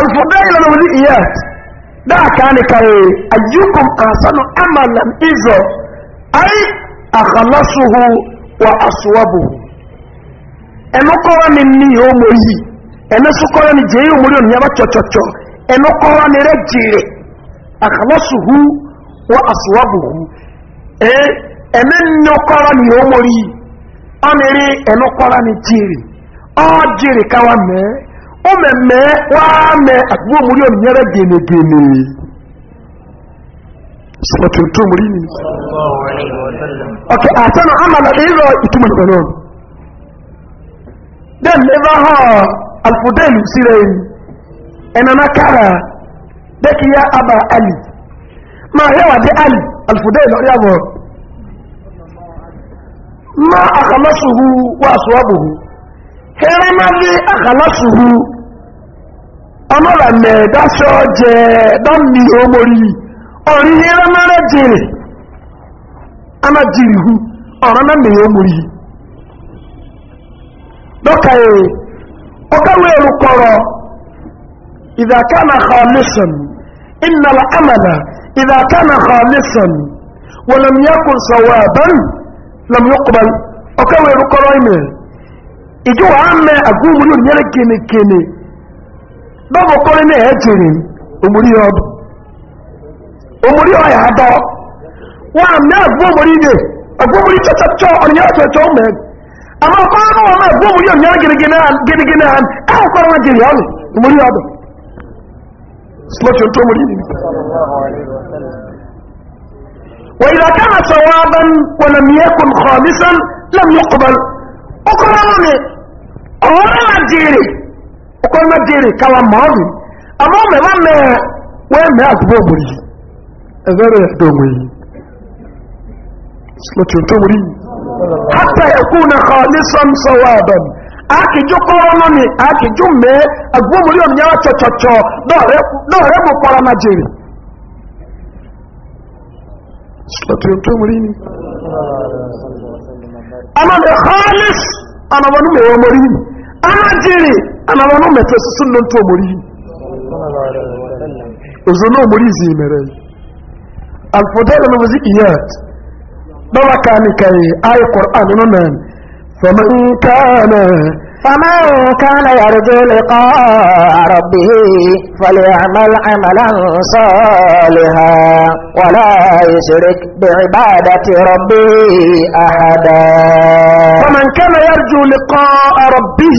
alfudayla na wani iya da aka ne kare ayyukum asanu amalan izo ai akhalasuhu wa aswabu eno kora ni ni omo yi eno ni je omo ya ba chochocho eno kora ni rejire akhalasuhu wa aswabu e eno no kora ni umeme wame akubo muri yo nyara gene gene sifatu mtume muri ni okay atana amala hizo ituma ndono dem never ha alfudel sirin kara deki aba ali ma yawa de ali alfudel yabo ma akhamasuhu wa ma ọmọlà mẹ̀ẹ́dáṣọ́ jẹ dánmì omori ọ̀rìhì ránára jèrè ana jìrì hu ọ̀rànà mẹ̀ẹ́ omori dọ́kà ẹ̀ ọ̀gáwé ẹ̀rù kọ̀rọ̀ ìdàkánà kọ̀ọ̀lẹ́sọ̀n ìnàlà àmàlà ìdàkánà kọ̀ọ̀lẹ́sọ̀n wọ̀lẹ̀m yẹ́kùn sọ̀wọ́ àbẹ́rù bọ́bù kọ́rin náà ẹ̀jìrì òmùrí ọdún òmùrí ọ̀yà àdọ́ wọ́n àmì àgbọ́mùrí dè àgbọ́mùrí tọ́tọ́tọ́ ọ̀nìyàn tọ́tọ́ mẹ́ àmọ́ ọ̀pọ̀lọpọ̀ wọn máa gbọ́mùrí ọ̀nìyàn gẹ́gẹ́ náà ẹ̀wọ̀n kọ́rin wọn jìrì ọ̀nì òmùrí ọdún slọ́ṣọ́ tó múrí nìyí wọ́n ìlà kẹ́mà sọ̀rọ̀ abẹ́n wọ̀nà mìíkùn kọ̀ọ̀lísán lẹ́mìí ọkùnrin ọkùnrin ọ̀rọ̀ ọkọrọ ma jere kawa ma ọ dị ama ọ wee mee agụba ogbori ẹgbẹrẹ ẹdọ onwe yi lọtí ọtọ wuri hata ẹkú na ha ní sọmsọ wa adam kọrọ nọ ni akiju mẹẹ agụba ogbori ọmọ chọchọchọ jere ama ama jere. ana wọn mẹta ẹsẹsẹ nnọ ntọ ọmọrí ọzọ náà ọmọrí zi mẹrẹ alfọdẹ ẹnna wọn zi iyat dọwọ kaa ni kaa yi ayé kọrán nínú nàn fama nkaana. فمن كان يرجو لقاء ربه فليعمل عملا صالحا ولا يشرك بعبادة ربه أحدا فمن كان يرجو لقاء ربه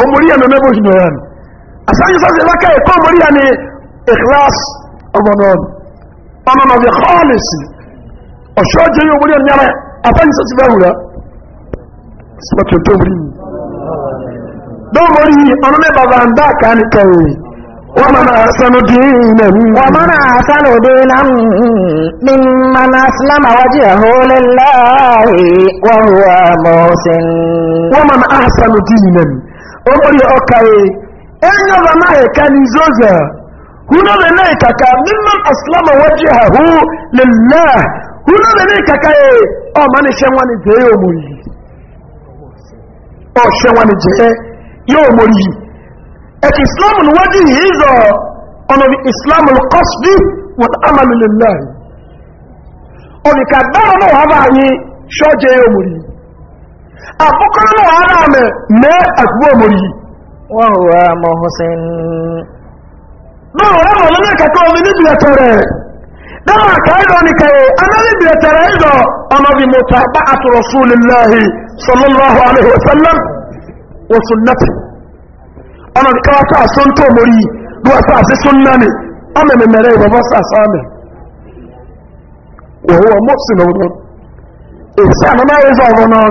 omori ya meme bosi noyan asanje sase baka e ko ni ikhlas obonon ana no bi khalis o shoje yo omori ya nyare asanje sase bahura sibatu to omori ni do omori ana me baba nda kan tayi ومن أحسن دينا ومن أحسن دينا ممن أسلم وجهه omori okaye enyo ba na heka ni zoza huno be kaka mimman aslama wajhahu lillah huno be na kaka e o mani shenwani je omori o shenwani je e, yo omori ek islam wajhi izo ono bi islam al qasdi wal amal lillah o bi ka dara no haba yi shoje omori akukuru wa ara mɛ mɛ akubo omori. wọ́n wá mọ hosin. náà wọ́n wọ́n lọ́nà kẹ́kẹ́ omi níbi ẹ̀tọ́ rẹ̀ dáná àkàrẹ́dọ̀ nìkan yìí anáníbi ẹ̀tọ́ rẹ̀ ọmọ bí ọmọ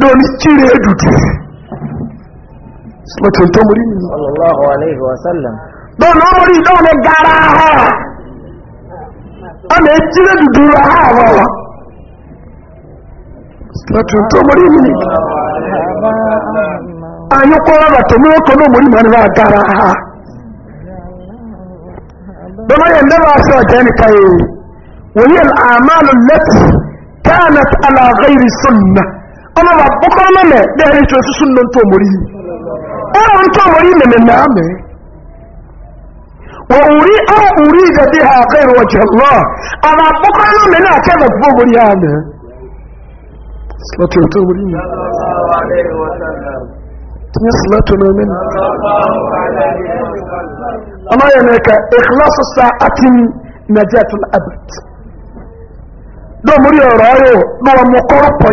lórí jíire dùdù sọ́tún tó múrí nìyí sallallahu alaihi wasallam lọ́nà orí lọ́nà gara ha ọ̀nà jíire dùdù rà ha wọ́wọ́ sọ́tún tó múrí nìyí anyụkwa ọrịa tomiro kono múrí mọ́ nípa gara ha lọ́nà yẹn lẹ́wọ́ aṣọ ọ̀jẹ́ nìkan yìí wòye àmàlù lẹ́tì كانت على غير سنه ọmọ ma bọ́kọ́ mẹ́mẹ́ bẹ́ẹ̀ ní tí o sísun ló omori. tó mọ̀rí yìí ẹ̀rọ ń tó mọ̀rí mẹ́mẹ́ náà a wọ́n wùrí dị wùrí ha àkọ́ ìrọ̀ ọ̀jẹ̀ lọ ọmọ bọ́kọ́ mẹ́mẹ́ náà kẹ́bẹ̀ fún mọ̀rí yà mẹ́ sílọ́tún tó mọ̀rí mi ní sílọ́tún náà mẹ́ni ọmọ yẹn mẹ́ka ìkìlọ́sù sa àti nàìjíríà tó lábẹ̀t dọ́mọ̀rí ọ̀rọ̀ ọ̀rọ̀ lọ́wọ́ mọ̀kọ́rọ̀ pọ̀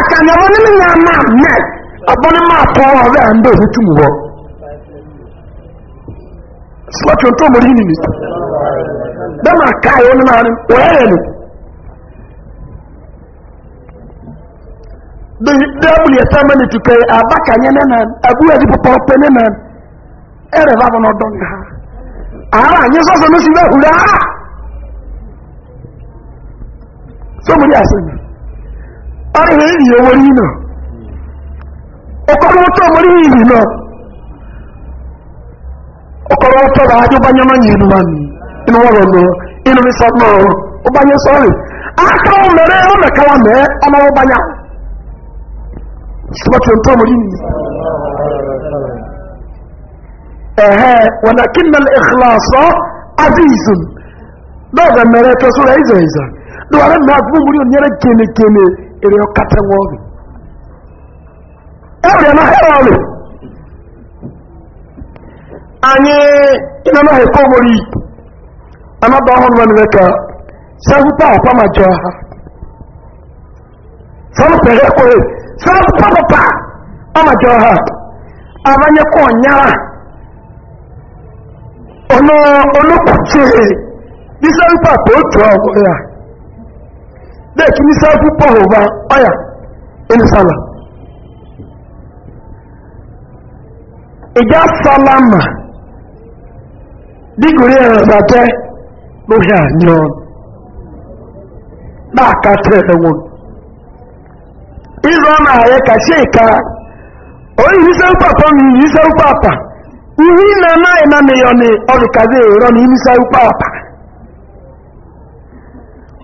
akanya wọn ni na ama mɛ abɔne maa pɔn wɔ bɛ ndị ohu tum hɔ sɔtɔ ntɔmɔ yi nini dɛm akaa yɛ ɔnum anim wɔyɛ no de dɛbul yɛ sɛ mɛni tukɛ abaka nyɛ nenan abu yɛ di pɔpɔ pɛ nenan ɛrɛ ba bɔ n'ɔdɔn ha ara nyɛ sɔsɔ n'osi bɛ hura sɔmu ni ọrịa eyi ewere okoro ụtọ nwere iyi nọ okoro ụtọ bụ ajọ banye ọrụ nọ inu mi sọrọ ụbanye sọrọ aka ọ mere ọ mekawa mee ọnụ ụbanye sọtụ ntọ nwere iyi ehe ولكن الاخلاص عزيز ده ده مرات رسول عزيز ere ọkacha nwa oge ebere na ahịa ọrụ anyị ịna na eko obori anaba ọhụrụ na nime ka sahụpa akwa ma jọọ ha sahụpa ya kwere sahụpa papa ọma jọọ ha abanyekwa ọnyara ọnụ ọnụ kwuchie dị sahụpa ka otu ọgwụ ya dee kini sáfù pọ̀hùn bá ọ̀yà na sálà ìjà sálámà ọnụ ẹ̀rọ sàtẹ́ lórí àyàn náà ká tẹ́ ẹ̀wọ̀n ìzọ ọmọ ààrẹ kàṣẹ yi orí ìrísẹ́ pàpà mi ìrísẹ́ pàpà ìrí ìnà náà ìnà mìíràn na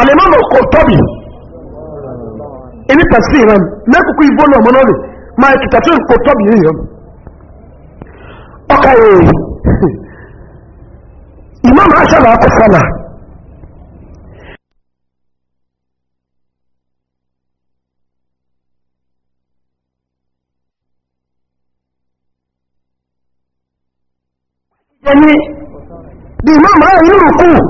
alimami kotobi ini tasi iran mekuku ibo na ọmọ náà ni máa kìtà tí kotobi yìí yẹn ọkà yìí imam aṣọ làákọ sọlá. ẹni bí imam ayé yìí rùkú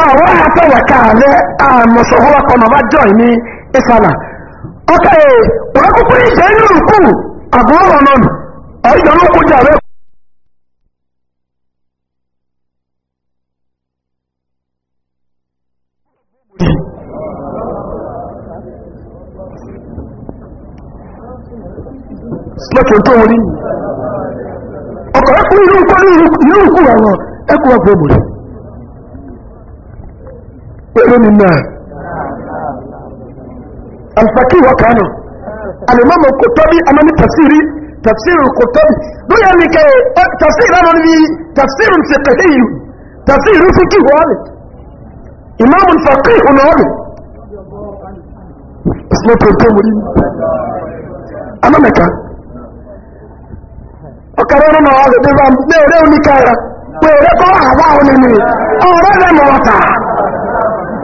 náà wọ́n á fẹ́ wẹ̀ka rẹ̀ àmọ̀sọ̀họ́wọ́ kan bàbá jọ ní ìsàlà ọkà ẹ̀ wọ́n kúkú ní ìṣẹ́ nínú ìkú àbúrò ọ̀nà ọ̀yọ́ ló kó jà rẹ̀ pẹ̀lú nínú ẹ̀ alfaki wakano alimami kotobi amani tafsiri tafsiri kotobi bóyá ní kẹ́ tafsiri náà ní tafsiri fìkìhì tafsiri fìkì wọ́ọ̀lì imamu fàkì wọ́ọ̀lì islam tó wuri amamẹka ọkara ọ̀nà náà wà lóde bá ń bẹ́ẹ̀rẹ́ oníkàrà pẹ̀lú ẹ̀kọ́ àwọn àwọn ènìyàn ọ̀rẹ́ rẹ̀ mọ̀ọ́ta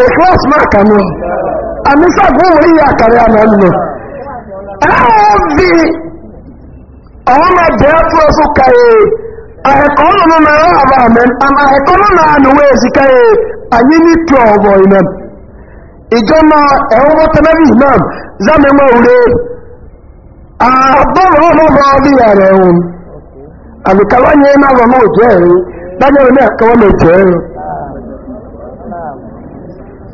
ikhlas ma kanu amisa ko wori ya kare ananno avi ona de afọ so ka ahe kono no na aba amen ama ahe kono na anu we sikai e, anyi ni trobo ina ijo na ewo tanabi imam zame ma ure aboro no ba di yare un amikawanye na ba mo je danyere na kawo mo je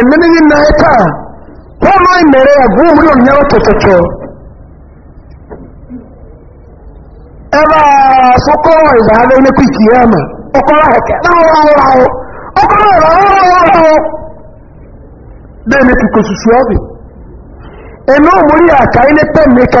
ememe ihe nna ya taa kwụọ mere ya bụ onye ebe a sọkọ ịza ha n'onye kwa ike ya ma ọkọrọ ahụke ahụ ọkọrọ na-emepụta osisi ọbị eme omori ya ka anyị na-epe mmeka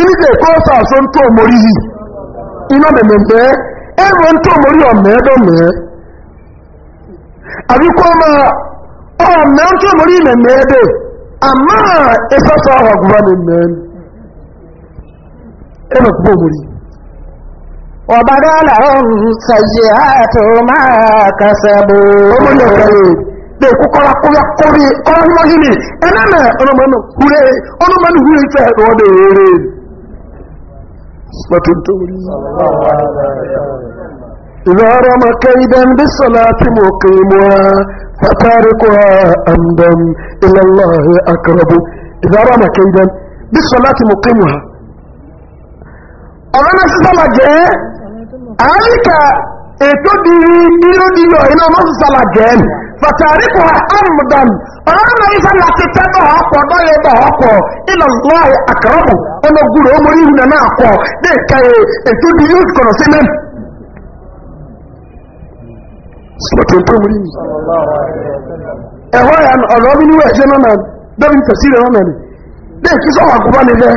ilé ìkọ́sà àṣọ ń tó mórí yìí iná mẹ̀mẹ̀ mẹ́ ẹ̀rọ ń tó mórí ọ̀mẹ́ẹ́dọ̀ mẹ́ àbíkọ́ máa ọ̀mẹ́ ń tó mórí mẹ̀mẹ́ẹ́dẹ̀ àmọ́ ìsọ́sọ́ ọ̀rọ̀ ọ̀gbọ́n mi mẹ́ ẹ̀rọ tó mórí. ọ̀bàdà làwọn ṣàyè àti máa kàṣẹ́bù. ọmọ ilẹ̀ kẹrin de ko kɔla kɔla kɔri kɔla ɲɔgɔn ɲini hure ɔnumanu hure tɛ ɛdɔ إذا رمى كيدا بالصلاة مقيمها فتاركها أمدا إلى الله أقرب إذا رمى كيدا بالصلاة مقيمها أنا سلمك أيك ètò dìrí irú dìrí ọ̀yìnà mọ́sùsàlà jẹ́m fàtàríkù àmùdàn ọ̀rọ̀nà ìsàlà ti tẹ́tọ̀ ọ̀pọ̀ dọ́yẹ̀bọ̀ ọ̀pọ̀ ilẹ̀ na àkàrọ̀bù ọlọ́gùrù omori ìhùnà náà kọ̀ ní ìkàyè ètò dìrí ìkọ̀rọ̀ sí mẹ́m ẹ̀họ́ ya ọ̀rọ̀ nínú ẹ̀jẹ̀ náà na náà mẹ́rin ní ìkísọ̀ àkúbá nílẹ̀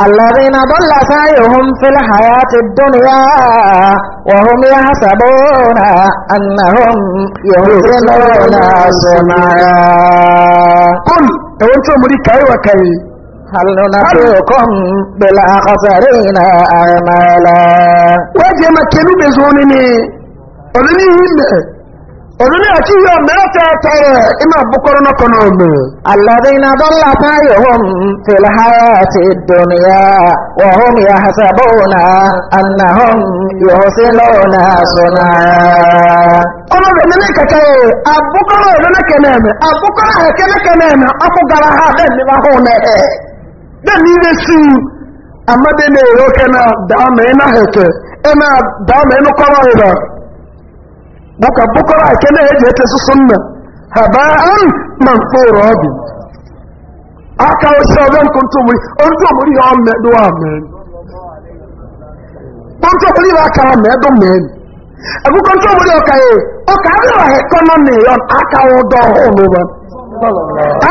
الذين ضل سعيهم في الحياة الدنيا وهم يحسبون أنهم يحسنون صنعا قل أنتم مريكا أيوة وكي هل ننبئكم بالأخسرين أعمالا وجه مكنوا بزونني أذنهم òdúrí àti yóò mẹ́ta tẹ̀rẹ̀ iná bukọ́rọ́ náà kọ́nà ọ̀nà. àlàdínà dọ́là táyọ̀ hom tìlhárà ti dùnìyà wọ̀hún yà sàbọ̀nà ànàhom yóò sí lọ́nà sọ̀nà. ọlọ́run ní kẹ̀kẹ́ yìí àbúkọ́rọ́ ìlú kẹ́nẹ̀ mi àbúkọ́rọ́ àkẹ́lẹ́ kẹ́nẹ̀ mi ọkọ̀ gara ha bẹ́ẹ̀ ni wà ni sí i náà náà maka bukọrọ ekene eji susu mma. ha baa ma mkpụrụ obi aka osi aka ọmọ ẹdọ men ẹkụkọ ntu omori ọka ye ọka abịa ọha ekọnọ na ya aka ọdọ ọhụụ n'ụba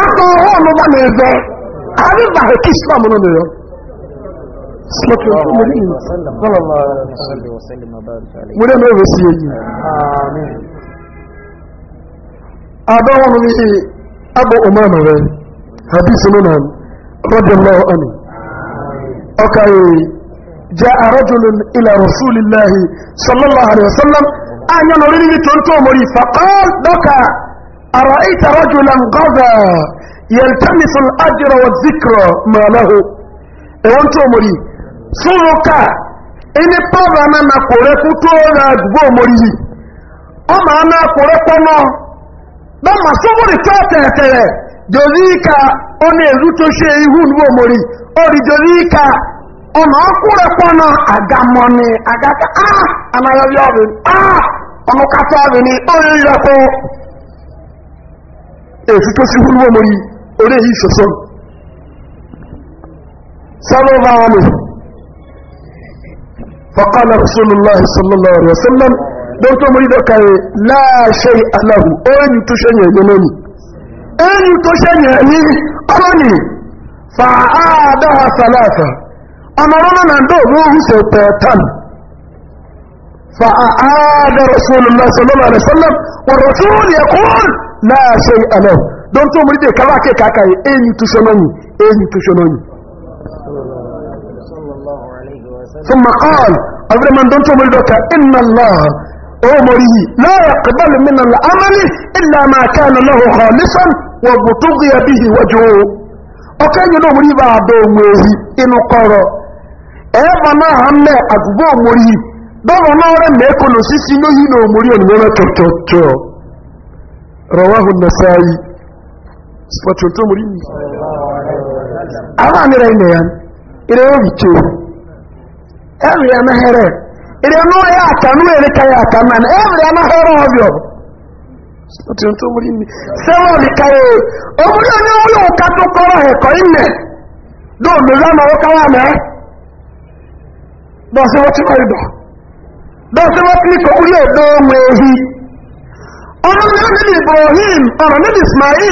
aka ọhụụ n'ụba na ebe abịa ọha ekislam nọ na صلى الله عليه وسلم صلى الله عليه وسلم وبارك عليه ولا ما وسيني امين ادعو لي ابو امامه حديث منهم رضي الله عنه اوكي جاء رجل الى رسول الله صلى الله عليه وسلم ان يريني تنتو مري فقال دكا ارايت رجلا غدا يلتمس الاجر والذكر ما له ايوان تو مري fúnlùkà ẹni pọ́ọ̀lù ọmọ àkòrẹ́kú tó rẹ̀ àdúgbò sọ́wọ́rì tó tẹ̀ẹ̀tẹ̀ẹ̀ jòríkà ó ní èlú tó ṣe ihu ìlú omori orí jòríkà ọmọ ọkùnrẹ́kú náà ọ àgàkà á amáyọyọ ọ̀rìn á ọ̀rìn tó ṣe فقال رسول الله صلى الله عليه وسلم دوتو مريد لا شيء له اين تشني يمني اين تشني يمني يعني؟ فعادها ثلاثه امرنا ان دوه سيتان فعاد رسول الله صلى الله عليه وسلم والرسول يقول لا شيء له دوتو مريد كلاكي كاكاي اين تشني اين تشني ثم قال ọ̀bẹ̀rẹ̀ ma ń dọ́ntọ́ mọ́rí dọ́ka iná lọ́wọ́ ó mọ̀rí yìí lọ́yà kọ̀bọ̀lù mínà lámàlì ilẹ̀ àmà kánà lọ́wọ́ ọ̀lẹ́sàn wọ̀ bù tó gbé ẹbí yìí wọ́jú o ọkẹ́ yìí náà mọ̀rí bá àbẹ̀ òmò èyí inú kọ̀rọ̀ ẹ̀ẹ́fà náà hàn mẹ́ àgùgbọ́ òmòrí yìí dọ́wọ́ náà rẹ̀ mẹ́kọ̀ lọ sí sí lóyìn náà òmòrí òmòrí ilẹ̀ yóò rí kéwù every anahere ere no ya atanu ere ka atanu na every anahere obio sọtí ohun tó múrí ní sẹ́wọ̀n nìkan yìí òmùrí ọ̀nà orí òkà tó kọ́rọ̀ ẹ̀kọ́ ìnẹ̀ dóòmù lọ́nà ó káwà mẹ́ bọ́sí wọ́n ti kọ́rìdọ̀ bọ́sí wọ́n ti kọ́ orí èdè ohun èyí ibrahim ismail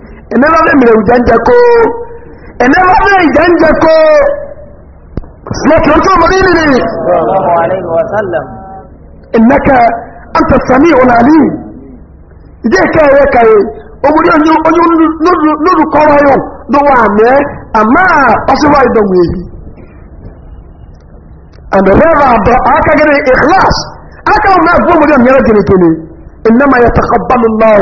ẹ̀nẹ́fà fẹ́ mìíràn ìjẹ́ǹjẹ́ kó ẹ̀nẹ́fà fẹ́ ìjẹ́ǹjẹ́ kó lọ́kìlọ́tọ́ mọ̀ nínú ni ẹ̀nẹ́kà àǹtà sàmì ọ̀làlì ìjẹ́ ìkà ẹ̀rẹ́ kàyé omori onye lórúkọrọ yóò lọ́wọ́ àmì àmà ọsíwá ìdọ̀wọ̀ èyí and the river àbọ̀ akagiri ikhlas aka ọmọ ẹgbẹ́ omori ọmọ ẹgbẹ́ gẹ̀rẹ̀gẹ̀rẹ̀ إنما يتقبل الله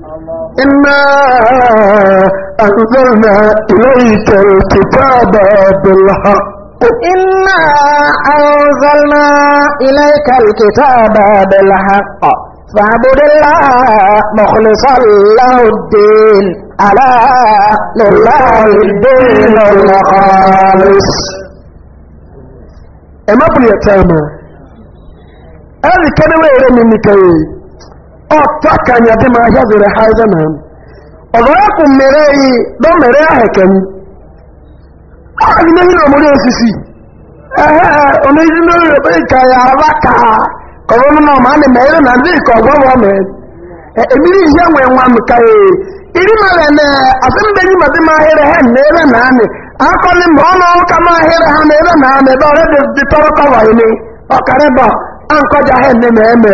إنا أنزلنا إليك الكتاب بالحق إنا أنزلنا إليك الكتاب بالحق فاعبد الله مخلصا له الدين ألا لله الدين الخالص أما بيتامى هذه كلمة إلى منك إيه ọtakanya dị m ahịa zere ha ebe na m ọgọyapụ mere yi dọmere ahụ ekem ọdị n'ehi na omori osisi ehe onyeisi n'oyi ebe ka ya ara ka kọrọ na ọma a na ere na ndị ka ọgwọ ọma e, emiri ihe nwe nwa m ka ee iri mara na asị mbe nyi madị m ahịrị ha na ere na anị akọli m ọnụ ọka m ahịrị ha na ere na anị dọrọ dị tọrọ kọwa ini ọkarịba ankọja ha na-eme eme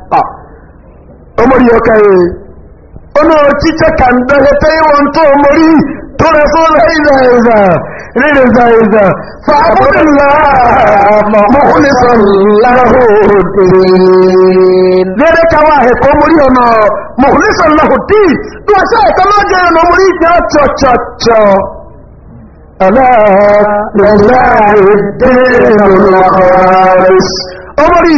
omori ọka ye ono chiche ka ndọghọta ịwọ ntọ omori tọrọ sọrọ ịza ịza rírì ìza ìza fàábùdìlá mọ̀húnísọ̀láhùdín lédè káwà ẹ̀kọ́ omori ọ̀nà mọ̀húnísọ̀láhùdín tó wà sí ẹ̀kọ́ náà jẹ́ ọ̀nà omori ìdí ọ̀chọ̀chọ̀chọ̀ ألا لله الدين الخالص أمري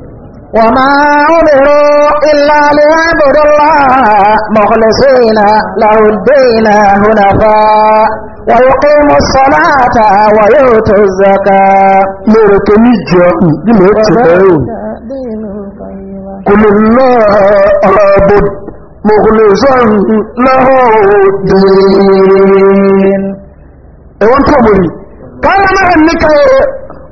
وما أمروا إلا ليعبدوا الله مخلصين له الدين هنفاء ويقيموا الصلاة ويؤتوا الزكاة ملك نجا قل الله أعبد مخلصا له الدين ايوان تقولي كان معا النكاية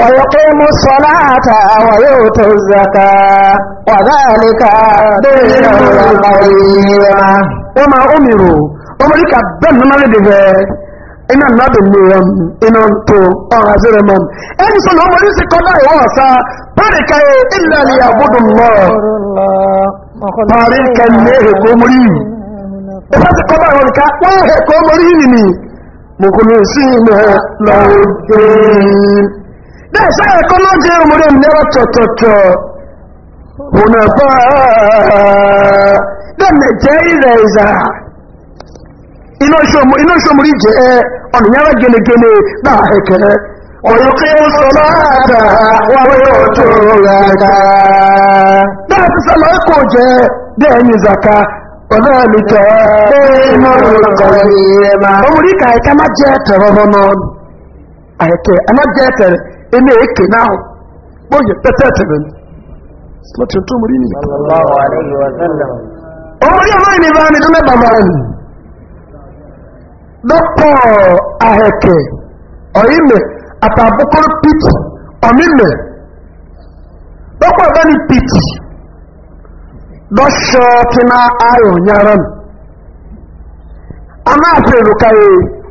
ويقيم الصلاة ويؤت الزكاة وذلك دين القيمة وما أمروا أمريكا بن مريد ina nadu miram ina to ọha zere mọm ẹni sọ na ọmọdé sì kọjá ìwọ ọsá pàríkà yìí ilẹ̀ ni àbúdù mọ́ pàríkà ní èhè kó iyi. Ebe ẹfẹ́ sì kọjá na dẹ́sẹ̀ ẹ̀kọ́ náà jẹ́ ọmọdé mìíràn tọ̀tọ̀tọ̀ hùnàbọ́ dẹ́mẹ̀ jẹ́ ilẹ̀ ìzà iná ṣòmùrí jẹ́ ọ̀nìyàrá gẹnegẹne náà ẹ̀kẹ́rẹ́ ọ̀yọ́kẹ́ sọ́lá àdá wáwé ọ̀tọ̀ rárá náà ti sọ́lá ẹ̀kọ́ jẹ́ dẹ́ẹ̀ni zaka ọ̀nàmìkà ẹ̀ẹ́mọ̀ ọ̀rọ̀ ọ̀rọ̀ ene eke na ahụ kpọghe tetetere slọtị ntụ mụrụ imi ọmọdé ọmọ ìní anyị dị dúnlẹ̀ bàbá rẹ̀ dọ́pọ̀ ahẹ̀kẹ̀ ọ̀yìnmẹ̀ àtàbùkọ́rọ̀ pit ọ̀mìnmẹ̀ dọ́pọ̀ ọ̀gbẹ́ni pit dọ́ṣọ́ na ayọ̀ nyara nù anáàfẹ́ ìrùkàyè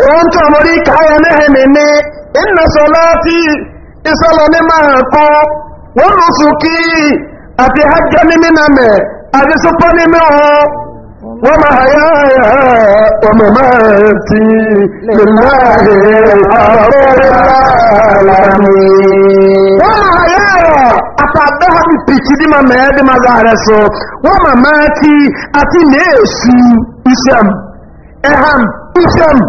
èyàn tó káyà mẹ́hẹ̀mì ìnàṣọ́ láti ìsọ́lọ ní máa kọ́ wọ́n lù sùkí àti hajjá ní mínàmẹ̀ àti súpọ́ ní mẹ́wọ́n wọ́n máa yá ọmọ máa ti lèláàrí àtàbẹ́hàmì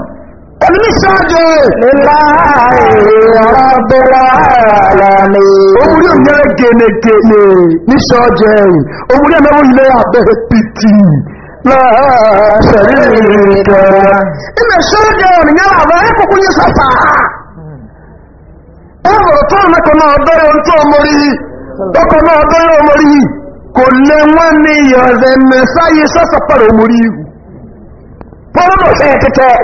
Olùmí ṣáájú nílá ìrọ̀bọ̀lá àlàní. Omúrí òmìnira gẹ̀ẹ́gẹ̀ẹ́ ní ṣáájú ẹ̀yìn. Omúrí ẹ̀mẹ́wò ilé abẹ́ pìtì láàṣẹ̀rí ìrìnkẹ̀ẹ́. Ilẹ̀ ṣáájú òmìnira àwọn ẹ̀kọ́kú yẹ sọ́fà. Ọ̀rọ̀ tó mẹ́kọ̀ọ́ náà bẹ̀rẹ̀ ohun tó Kò lè wọ́n ní ìyọ̀rẹ̀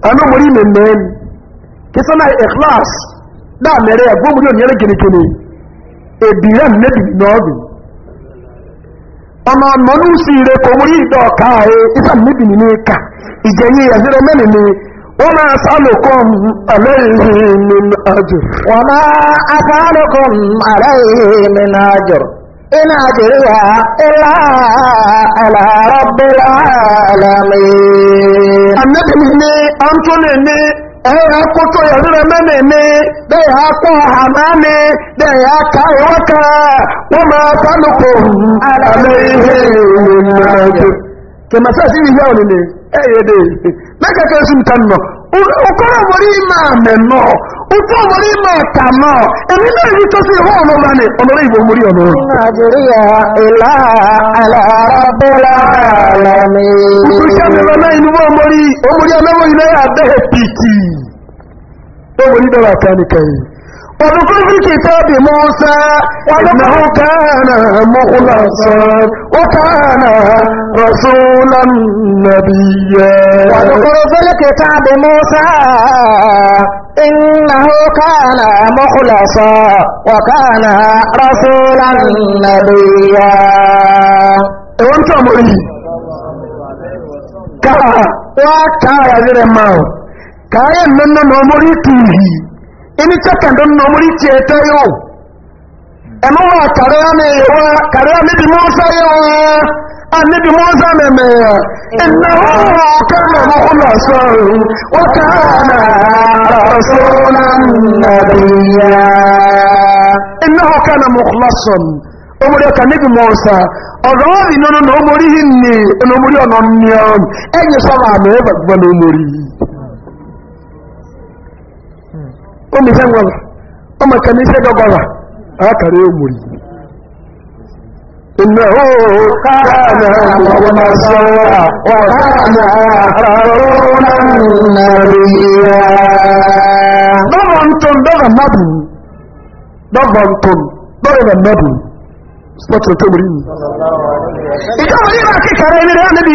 ano muri memen kisa na ikhlas da mere ya gomu yo nyere gini gini ebira nebi nobi ama manu sire ko muri do kai isa nebi ni ka ijenye ya zire mene ala وما أسألكم عليه من أجر وما أسألكم عليه من أجر إن أجري إلا على رب العالمين annabi ne an tole ne eh ya koto ya rura mene ne da ya ko hama ne da ya kai waka wa ma tanuku alaihi min ke masasi ni ya ne eh ye de maka ka sun tanno okoro wòle ma mẹnọ ojú wòle ma tànọ èmi náà yìí tó sí ìwọ ọ̀nà ọ̀nà ni ọ̀nà ìbò mórí ọ̀nà. nàìjíríà ìlà alábẹ́lá lẹ́nu. ìtúsí àmìlọ inú wọn mórí omórí ọlọ́wọ́ ilé yà bẹ́ẹ̀ pìtì. ó wòlí dọ́là kan nìkan yìí. وذكر في الكتاب موسى انه كان مخلصا وكان رسولا نبيا وذكر في الكتاب موسى انه كان مخلصا وكان رسولا نبيا وانت امري كا وكا يا زلمه كاين من نمرتي ini second no muri tiete yo eno wa karea ne yo karea ne bi musa yo ani bi musa ne me innahu kana mukhlasan na kana rasulan nabiyya innahu kana mukhlasan omori ọka níbi na omori omise nwara ọ maka na ise gagwara akara egburi إنه كان مرسلا وكان رسولا نبيا ضغنتم ضغ مبو ضغنتم ضغ مبو sọ́tún tó mọ̀rí mi ìjọ mọ̀rí wà kíkàrẹ́ ilé rẹ̀ níbi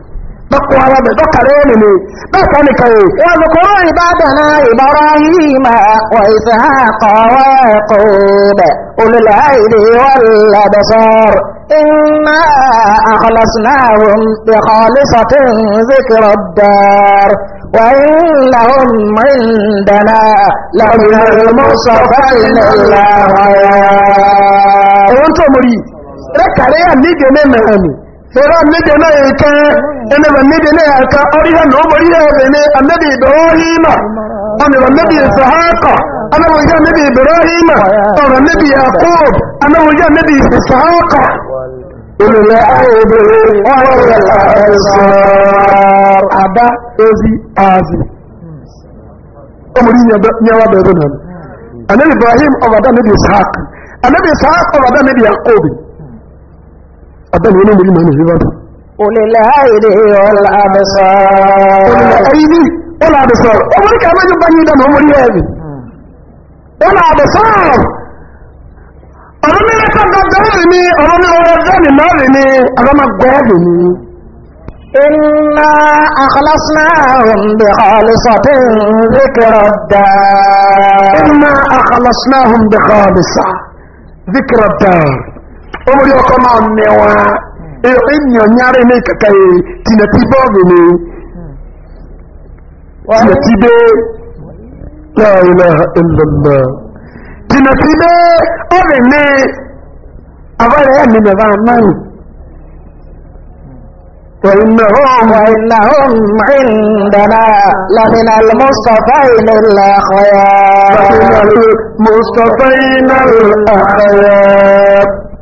بقوى بذكرينني بكنك واذكر عبادنا إبراهيم وإسحاق ويعقوب أولي الأيد والأبصار إنا أخلصناهم بخالصة ذكر الدار وإنهم عندنا لمن المصطفين الأخيار وانتم مريض ركالي أمي جميع مهني era annabi na ya ka ene ba annabi na ya ka ori ha no bari ya be ne annabi ibrahim ana ba annabi ishaqa ana ba ya annabi ha ana annabi yaqub ana ba ya annabi ishaqa قل لا أدري ولا أبصار أبا أزي أزي أمري نيوا ha أنا إبراهيم أبدا ha إسحاق أنا إسحاق أبدا نبي يعقوب أبن هنا مريم هنا في بابا قل الأيد والأبصار قل الأيد والأبصار أمريكا ما يبني دم هم اليوم والأبصار أمريكا تقدرني أمريكا ورزاني نارني أمريكا قادني إنا أخلصناهم بخالصة ذكر الدار إنا أخلصناهم بخالصة ذكر الدار omori ọkọ náà nẹwa ènìyàn nyáre ní kàkà yìí tìǹtì bọ́ọ̀lù ni tìǹtì dé láàrínà ìlànà tìǹtì dé ọ̀rẹ́ ní àbáyé ẹ̀mí bàbá náà وإنهم وإنهم عندنا لمن المصطفين الأخيار لمن المصطفين الأخيار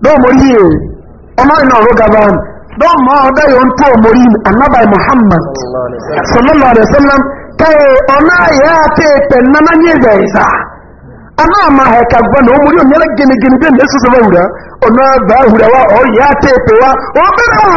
dɔmɔri ye ɔmɔ yi n'ɔrɔ don ma ɔda yi ɔntɔ ɔmɔri anabai muhammad sallallahu alaihi wa sallam ɔna yɛ ate pɛ nana nye bɛyi ana ama hɛ ka gba na ɔmɔri ɔnyɛrɛ gini gini bɛ na esusu bɛ wura ɔna ba wura wa ɔyɛ ate pɛ wa ɔbɛ na wa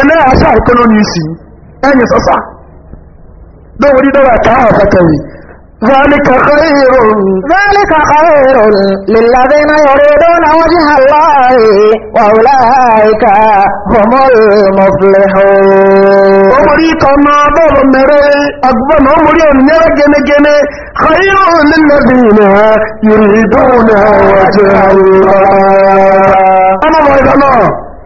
ẹmẹ́ àṣà ìkọ́nà ní ìsì ẹ̀yìn sọ́sà lóòrùn ní dọ́wà tàà àfẹ́kẹ̀wì ذلك خير ذلك خير للذين يريدون وجه الله وأولئك هم المفلحون أمري كما بابا مري أكبر أمري أن يرى خير للذين يريدون وجه الله أنا ما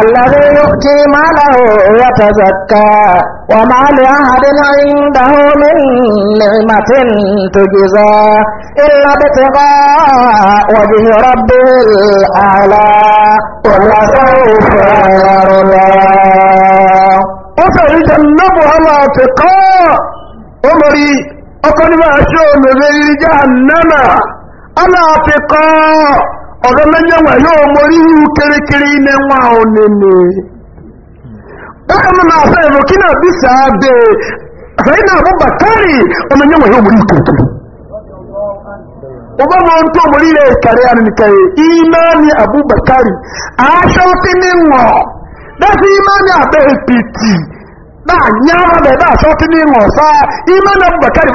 الذي يؤتي ماله يتزكى وما لأحد عنده من نعمة تجزى إلا ابتغاء وجه ربه الأعلى ولسوف يرضى وسيجنبها الأتقاء عمري أقل ما أشوم في جهنم الأتقاء ọ̀rọ̀mẹ́jẹ́ wà yóò morí ihu kérékéré iná nwa onene bákanú náà fẹ́ ìrọ̀kí náà bí sàábẹ̀ fẹ́yìn náà bọ́ nwere ọmọnyẹ́ wà yóò morí kòkòrò ọba mọ́ tó morí rẹ̀ kàrí àrìnkàrí imani abubakari aṣọ́tí ní wọ̀ dáfí imani abẹ́ pìtì náà nyára bẹ̀ bá aṣọ́tí ní wọ̀ sáà imani abubakari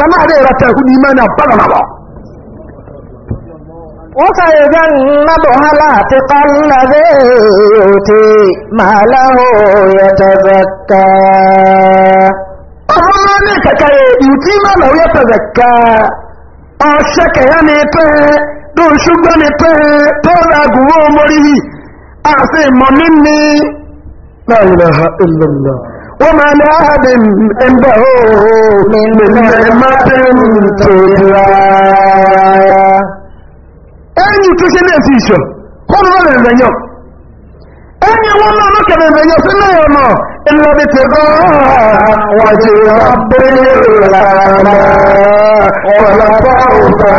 وسيجنبها الاتقى الذي يؤتي ماله يتزكى ọmọ ní kẹkẹrẹ ìtí mọ́lọ̀ yẹ pẹ̀zẹ̀ká ọ̀ṣẹ́kẹ̀yẹ́ ni pé lóòṣùgbọ́n ni pé tó ragùnwó mórí àti ìmọ̀mí ni láìláha ìlúlọ wọ́n máa ní ààbì ẹgbẹ̀ ooo mímọ̀ ẹ̀mọ́tẹ́ tó rà ẹ̀yìn tó ṣe náà sí ìṣọ̀ kọ́nù náà lẹ̀rẹ̀ yọ ẹ̀yìn wọn náà lọ́kẹ̀ lẹ̀rẹ̀ yọ sí náà ọ̀nà ìlọ́bí ti bọ́ wàjú abúlé lànà ọ̀làbọ̀ ọ̀tà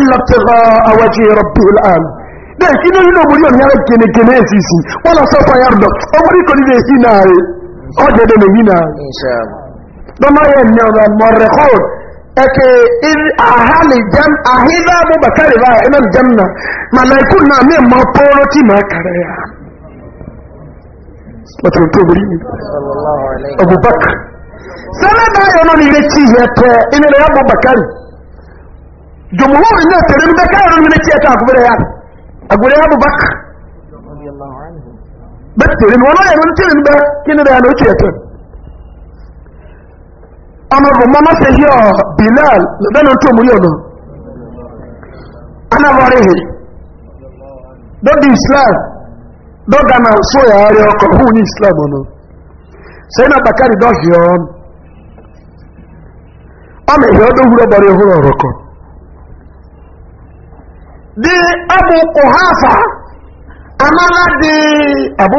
ìlọ́ ti bọ́ àwájú rọ̀bì làn bẹ́ẹ̀ kí ló nínú òmùrí ọ̀nà gẹ̀nẹ̀gẹ̀nẹ̀ èsìsì wọ́n lọ sọ́fà yàrdọ̀ ọmọdé kò nílé èsì náà rẹ̀ ọ̀dẹ̀dẹ̀ lè yí náà lọ́mọ yẹn ní ọ̀nà mọ̀rẹ̀kọ́ọ̀dù ake ahali jam ahiza abubakar ba inan janna malaikun na ti ma karaya wata mutu buri ne ya na ire ci ya abubakar jumhur ne ta rin da kayan ya ta gure ya a gure ya abubakar bakterin wani ya nuna tirin da na ya nuna ci ya ọmọ mama má se yọ bilal lọ́dọ́nà tó mú yọ̀nà anábọ̀rìhì lọ́dí islam lọ́dánà ya ari ọkọ̀ hu ní islam ọ̀nà sẹ́yìn àbàkárì dọ́hì ọ́n ọmọ ìhẹ́ ọdún wúrọ̀ bọ̀rẹ̀ ọhúrọ̀ ọ̀rọ̀ di abu kuhafa amala di Abu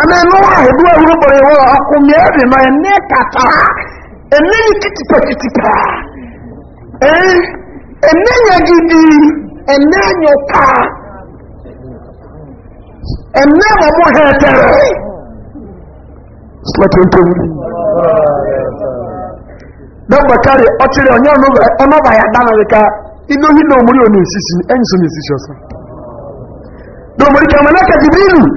ana ɛno ahedu ahuru bɔre hɔ akomea de ma ɛne kataa ɛne ne kitipakitipa ɛne nya gidi ɛne anyopa ɛne ma mo hɛtɛrɛ slatentɛmuri kari ɔkyerɛ ɔnyɛ ɔnɔba yada na reka idohi na omuri ɔne esisi ɛnyi so na esisi ɔsa dɔmori ka jibiru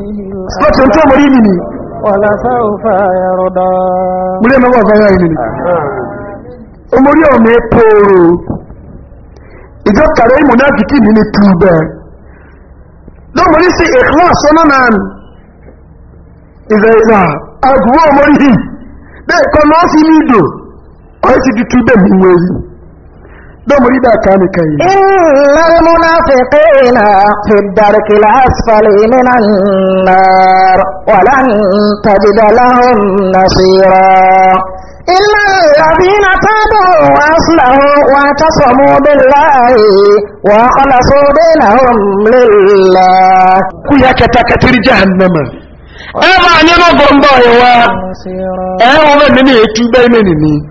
lọ́tí tó mọ̀rí ìlú ni múlé mẹ́wọ́ ọ̀fẹ́yà ìlú ni o mọ̀rí ọ̀nà pòòrò ìjọ kàrẹ ìmọ̀dá kìkì mi ni túbẹ̀ lọ́mọ̀rí sí ìkọ́ sọ́nà náà ìzẹ̀ ìzà àgùwọ́ ọmọrí yìí bẹ́ẹ̀ sí ní ìdò ọ̀ẹ́ ti di túbẹ̀ دمري دا كان كاي إن المنافقين في الدرك الأسفل من النار ولن تجد لهم نصيرا إلا الذين تابوا وأصلحوا واعتصموا بالله وأخلصوا دينهم لله كويا كتاكتر جهنم أما أن ينظر الله أما أن يتوبين مني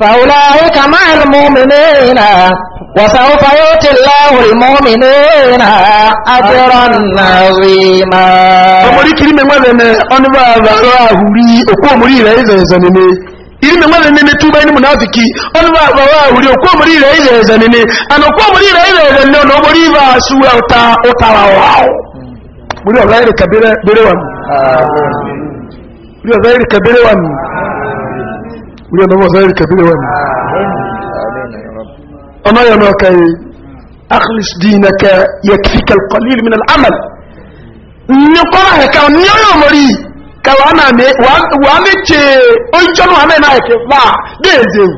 فأولئك مع المؤمنين وسوف يؤتي الله المؤمنين أجرا عظيما ọmọdé kiri mẹ́wàá lẹ́nẹ̀ ọ́nùbà àbàrà àhùrí òkú òmùrí rẹ̀ ìzẹ̀ ẹ̀zẹ̀ nìní ìrí mẹ́wàá lẹ́nẹ̀ ní túbá inú mùnáfikì ọ́nùbà àbàrà àhùrí òkú òmùrí rẹ̀ ìzẹ̀ ẹ̀zẹ̀ ويانا أنا كبير وانا أما يا نوكي أخلص دينك يكفيك القليل من العمل نقرأ كاو نيو مري كاو أنا مي وامي تي أنجل وامي نايك وا ديزيو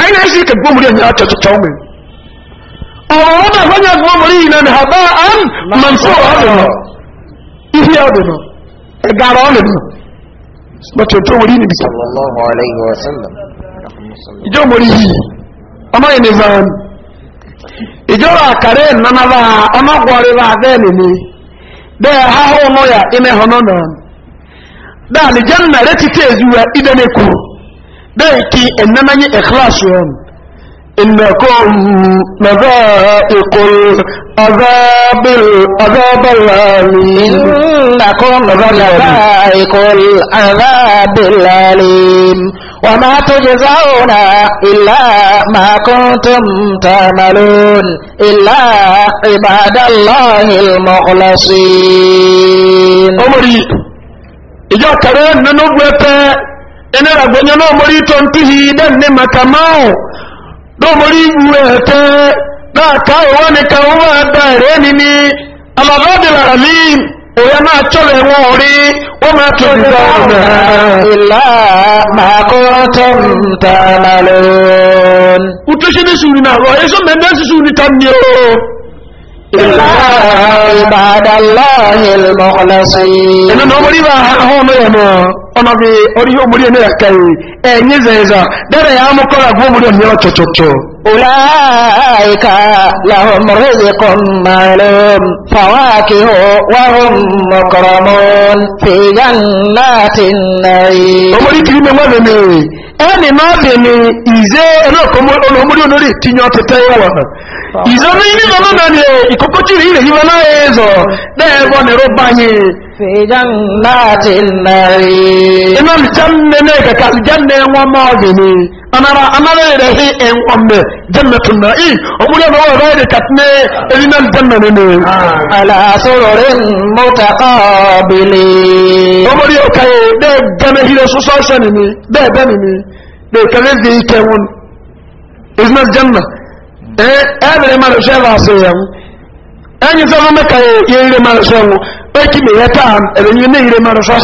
أين أشي كبو مري أنا تتومي أورد فنيا كبو مري إن هباء منصور هذا إيه هذا إيه هذا إيه هذا bàtẹ̀tọ́ wọlé níbi ìjọ mọ̀rí yìí ọmọ ìní zan ìjọba àkàrẹ́ nanaba ọmọgbọ̀rẹ́ bá bẹ́ẹ̀ nìní bẹ́ẹ̀ ahọ́ ọlọ́yà ilẹ̀ ọ̀nà náà dáàlì jẹ́ nà rẹ̀ títí èzúwa ìdẹ́nẹ́kù bẹ́ẹ̀ kí ẹ̀nàmẹ́yìn ẹ̀kíláàsì إنكم مذائق العذاب العذاب الأليم إنكم مذائق العذاب الأليم وما تجزون إلا ما كنتم تعملون إلا عباد الله المخلصين أمري إذا كرين ننبت إن ربنا نمري تنتهي دن مكماو lóòmórí ìwú ẹ̀tẹ́ láàká ìwọ́ nìkan ó wà dá ẹ̀rẹ́ ni ni alàbádìlà àmì òyà máa tọ́lẹ̀ wọn rí ó máa tó ìgbà ọ̀nà ìlà màkọ́rọ́tọ̀ tààmàlẹ́n. utoshi ní sùúrù náà wọ èso mẹ́mẹ́ sì sùúrù níta ní o. ìlà ìbàdàlá ìlmọ̀ọ́lẹ́sìn. ẹnu náà wọ́n rí bá àwọn ọmọ yẹn mọ́ ọ̀nà bí orí yóò múrí ẹni ẹ̀kẹ́ yìí ẹ̀yìn zẹ̀ẹ̀zà dẹ́rẹ̀ yà á mú kọ́ra gbọ́ múrí ẹni ọ̀tọ̀tọ̀tọ̀. ọ̀làìka làwọn mọ̀rẹ́dẹ̀ kan máa fàwọn àkíhò wàhùn mọ̀kọ̀rọ̀mọ́ fìyàn láti nàí. ọmọdé kiri mi wọ́n mi mi ẹni máa bè ní ìzé olóòmúrí olórí tí yọ tẹ́tẹ́ wọ̀ ìzọ́ ní ilé lọ́nà náà ni ìkókó tí ìrìnlẹ̀ yíwọ́ náà ẹ̀ẹ́zọ̀ lẹ́ẹ̀bọ́ nẹ̀rọ báyìí fèjánláàtì nàrí iná jẹ́mẹ́lẹ́ kẹta jẹ́mẹ́ wọn máa bè ní anara anara rẹ̀ hí ẹ̀wọ̀mẹ́ jẹ́mẹ́tù náà ì òmúrí ọ̀nà wọ̀ rẹ̀ kàtìmẹ́ ẹ̀rí náà jẹ́mẹ́ nínú alàsọ̀rọ̀ rẹ̀ mọ́tàkọ́ bìlẹ̀ hiro so so so ni mi be be ni mi de kale de ike won is not janna eh e be ma lo so yan anyi so mo ka ye ire ma lo so won e ki me yeta am e ni ne ire ma lo so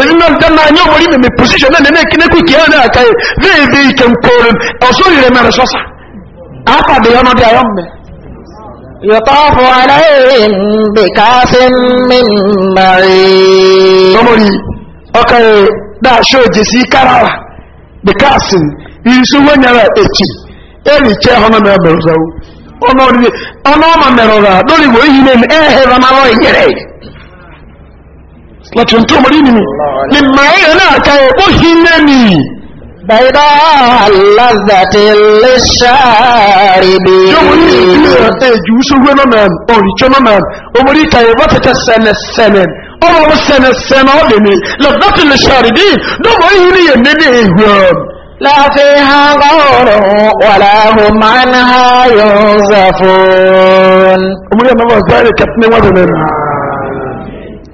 is not janna anyo mo ri me position na ne ki ne ku ki ana ka ye de de ike o so ire ma lo so sa de yo no de ayo me يطاف عليهم بكاس من معين ọkàrẹ dáṣọ òjèsí kárára bíkáàsì ìrìnsówó nyara èkì èrì kyẹ ọmọ mẹrọ mẹrọ sáwó ọmọ òdìdí ọmọ ọmọ mẹrọ rà lórí wòó yìí nẹni ẹhẹ ramarọ ìyẹrẹ lọtún tó mọrí nìmi ni màá yẹ náà káyọ ó yìí nẹni. bàyìdá alázàtì lè ṣàrìbì. yóò ní ìpínlẹ̀ ẹ̀jú sọ́wọ́ náà mẹ́rin ọ̀rìjọ́ náà mẹ́rin ọmọdé káyọ̀ wọ́n fẹ́tẹ̀ sẹ́nẹ̀ sẹ́nẹ̀. ọmọ sẹ̀nẹ̀ sẹ̀nẹ̀ ọ̀dẹ̀ ni lọ́dọ́tì lè ṣàrídì dọ́bọ̀ yìí ni yẹn níbi ìhùwọ̀n. láàfin ha gbọ́rọ̀ wàlá ahùnmáà ní ha yóò zàfún. múlẹ̀ mọ́ bọ̀ zẹ́rẹ̀ kẹtìní wọ́n rẹ̀ nẹ́ni.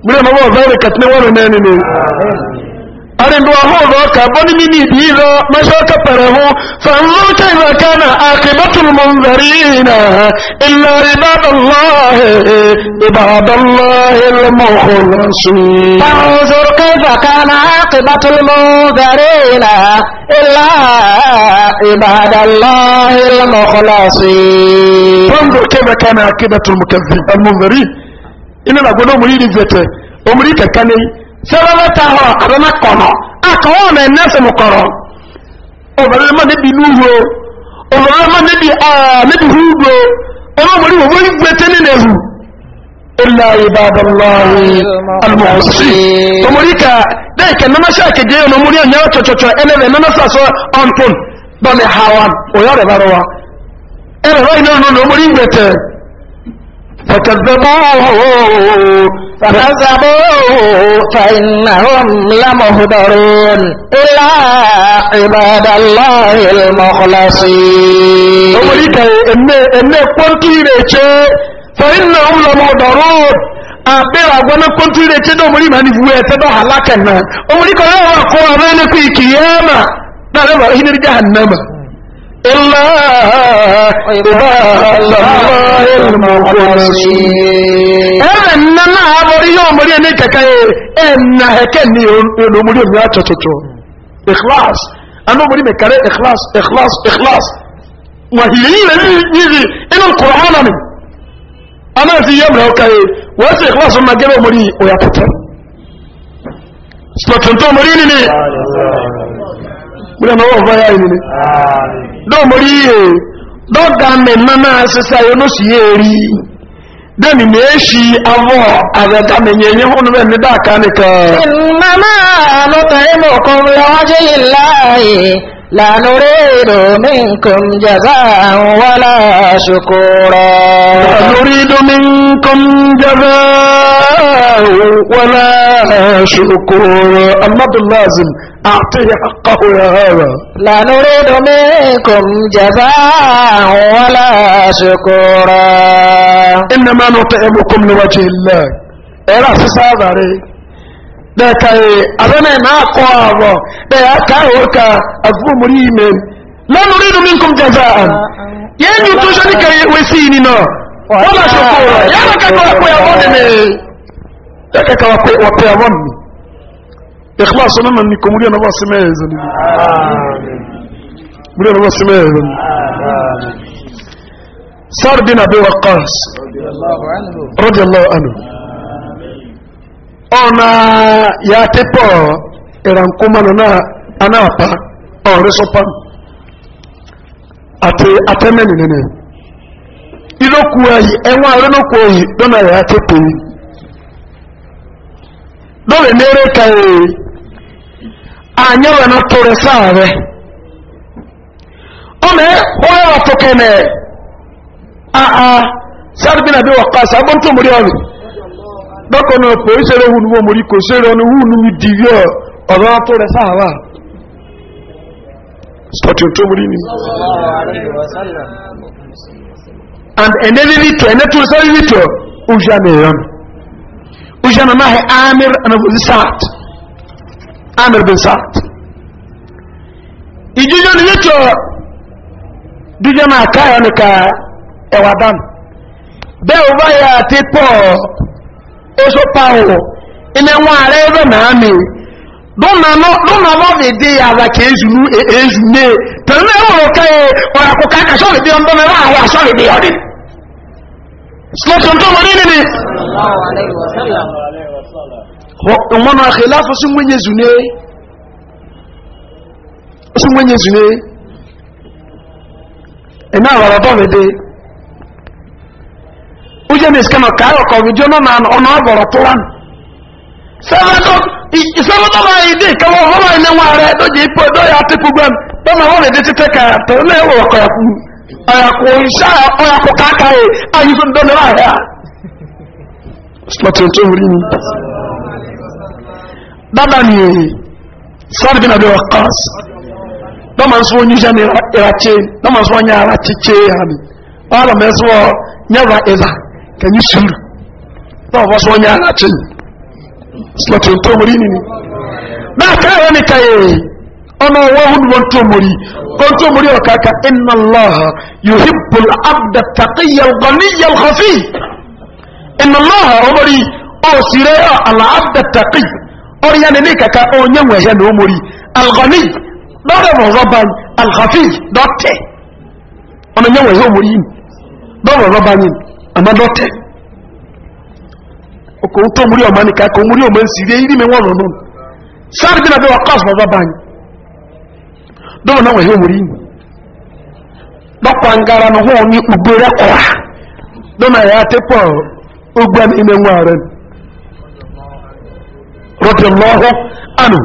múlẹ̀ mọ́ bọ̀ zẹ́rẹ̀ kẹtìní wọ́n rẹ̀ nẹ́ni ni. أرندوا هو كابون من يديرو ما شاك بره فانظر كيف كان عاقبة المنذرين إلا عباد الله عباد الله المخلصين فانظر كيف كان عاقبة المنذرين إلا عباد الله المخلصين فانظر كيف كان عاقبة المكذب المنذرين إننا قلنا مريد ذاته أمريكا كان sɛbɛbɛ ta hɔ abɛma kɔnɔ a kɔnɔ mɛ nɛsɛ mu kɔrɔ ɔbɛrɛma ne bi nuwo ɔbɛrɛma ne bi aa ne bi hugo ɔbɛmɔri wo wɔyi gbɛte ne nehu illa ibadallahi almuhsin ɔmɔri ka dɛ kɛ nana sɛ kɛgye yɛ ɔmɔri yɛ nyɛ tɔtɔtɔ ɛnɛ bɛ nana sa sɔ ɔntun bɔnɛ hawan o yɛrɛ bɛ rɔ wa ɛrɛ bɛ yɛ nɔnɔ ɔmɔri gbɛtɛ فكذبوه فكذبوه فإنهم لمهدرون إلا عباد الله المخلصين فإنهم لمهدرون àbẹ́rẹ̀ àgbọ́nà kọ́ntú ilé tí ó mọ̀rí ma ní ìwé ẹ̀tẹ́dọ̀ alákẹ̀ẹ́nà ọmọdé kan láwọn àkọwà mẹ́rin kú ìkìyẹ́ mà náà lẹ́bàá ìdírí jẹ́ ànámà إلا عباد الله المخلصين أنا نما أبوري يوم مريم نكاكاي أنا هكني يوم مريم يا تشتو إخلاص أنا مريم كاري إخلاص إخلاص إخلاص وهي يجي إن القرآن من أنا في يوم هكاي وأنت إخلاص ما جاب مريم ويا تشتو سلطنتو مريم مريم أنا وفايا إني آمين dọ́mọ̀rí yìí dọ́gà mẹ́mọ́ náà sísá olóṣì yìí rí dẹ́mi ní èṣì avọ́ àbẹ̀ta mẹ́yẹ yìí hún bẹ́ẹ̀ ní dáàkà nìkan. màmá lọ́tọ̀ لا نريد منكم جزاء ولا شكورا لا نريد منكم جزاء ولا شكورا النبي اللازم أعطيه حقه يا هذا لا نريد منكم جزاء ولا شكورا إنما نطعمكم لوجه الله إيه لا سيساعد bẹẹkaye abẹmẹ náà kọ àwọ bẹẹ akáwọ ká àfúrúmùrí ìmẹ lẹnu rí domin kún jẹjẹ àn yẹn ní tó ṣe ní kẹrẹ ìwé sí ìní náà wọn bá ṣe kó rẹ yẹn lọ kẹkọọ pé ọwọ ni no, yẹn kẹkọọ pé no, pé ọwọ mi ìkọlá no, náà ní kòmúrí no, bọ̀ sí mẹ́rin ẹ̀zẹ̀ níbi múrí ọ̀nà bọ̀ sí mẹ́rin ẹ̀zẹ̀ níbi sọ́ọ̀rì dín àbẹ̀wò kọ́ọ̀sì rọ́dì aláwọ̀ àná ọ̀nà ya na ìrànkúmọ̀nà náà anáàpá ọ̀rẹ́sọpá àti atẹ́mẹ́nì nínú ìlókù ẹ̀yí ẹ̀wọ̀n arẹ́lókù ya tẹ́pọ̀ yìí lọ́rẹ̀ mẹ́rẹ́ kàyè ànyẹ́wẹ̀ na tó rẹ̀ sáàrẹ̀ ọmọ ẹ̀ wọ́n yà wà tó kẹ́mẹ̀ àà sáàrẹ̀ bí nàbí ọrịa. dọ́kọ̀ náà pè é ṣeré hùn wọ́n mọ̀rí kò ṣeré ọ̀nà hùn mi di ọ̀rọ̀ tó rẹ̀ sáàwà and ẹ̀nẹ́ rírí tọ̀ ẹ̀nẹ́ tó sọ rírí tọ̀ ọjà náà yọ̀n ọjà amir anabodi saat amir bin saat ìjíjọ́ ni rí tọ̀ díjọ́ náà káyọ̀ nìka ẹ̀wà dánù bẹ́ẹ̀ ó bá pọ̀ oṣù pàwọ̀ ilẹ̀ wọn ààrẹ ẹgbẹ́ e, e, náà mi lọ́nà lọ́dẹ̀ dé àrà kí èzùlú èzùlé pẹ̀lú ẹwọ̀n kẹ́yẹ ọ̀rọ̀kù káàkà sọ́rọ̀ bí ọmọdé mẹ́rọ àwọn àṣọ́rọ̀ bí ọdí slọ́tún tó wọlé nínú wọn náà kìí láfọ́ sí mwenye zùlé sí mwenye zùlé ẹ̀mẹ́ àwọn ọ̀rọ̀ bọ́ọ̀lẹ̀ dé uje ne iskama kayo ko bijo no man ono boro tuwan sabato sabato ba ide ka wo ho ne do je po do ya te kugbam to ma wo de tete ka to le wo ko ya ku aya ko insha aya ko ka ka e ayi so do le ya slot to muri ni baba ni sar bin abi waqas do man so nyu jani ra che do man so nya ra che che ya ni wala me so nya ra eza ka yi suru ba ba su wani ana cin slotin tomori ne na kawo ne ka yi ọmọ wahun wọn tomori wọn tomori wa kaka inna allah yuhibbul abda taqiyyal ghaniyal khafi inna allah omori o sire al abda taqi ori ya ne kaka o nyanwe ya no omori al ghani dọ́rẹ̀ mọ̀ rọ́bà al khafi dọ́tẹ̀ ọmọ nyanwe ya omori dọ́rẹ̀ rọ́bà yìí amadote oko uto muri omani ka ko muri omani sire iri me wono nun sar na be wakas baba ban do na we he muri ni dokwa ngara no ho ni ubere kwa do na ya te po ogban ime nwaren radiyallahu anhu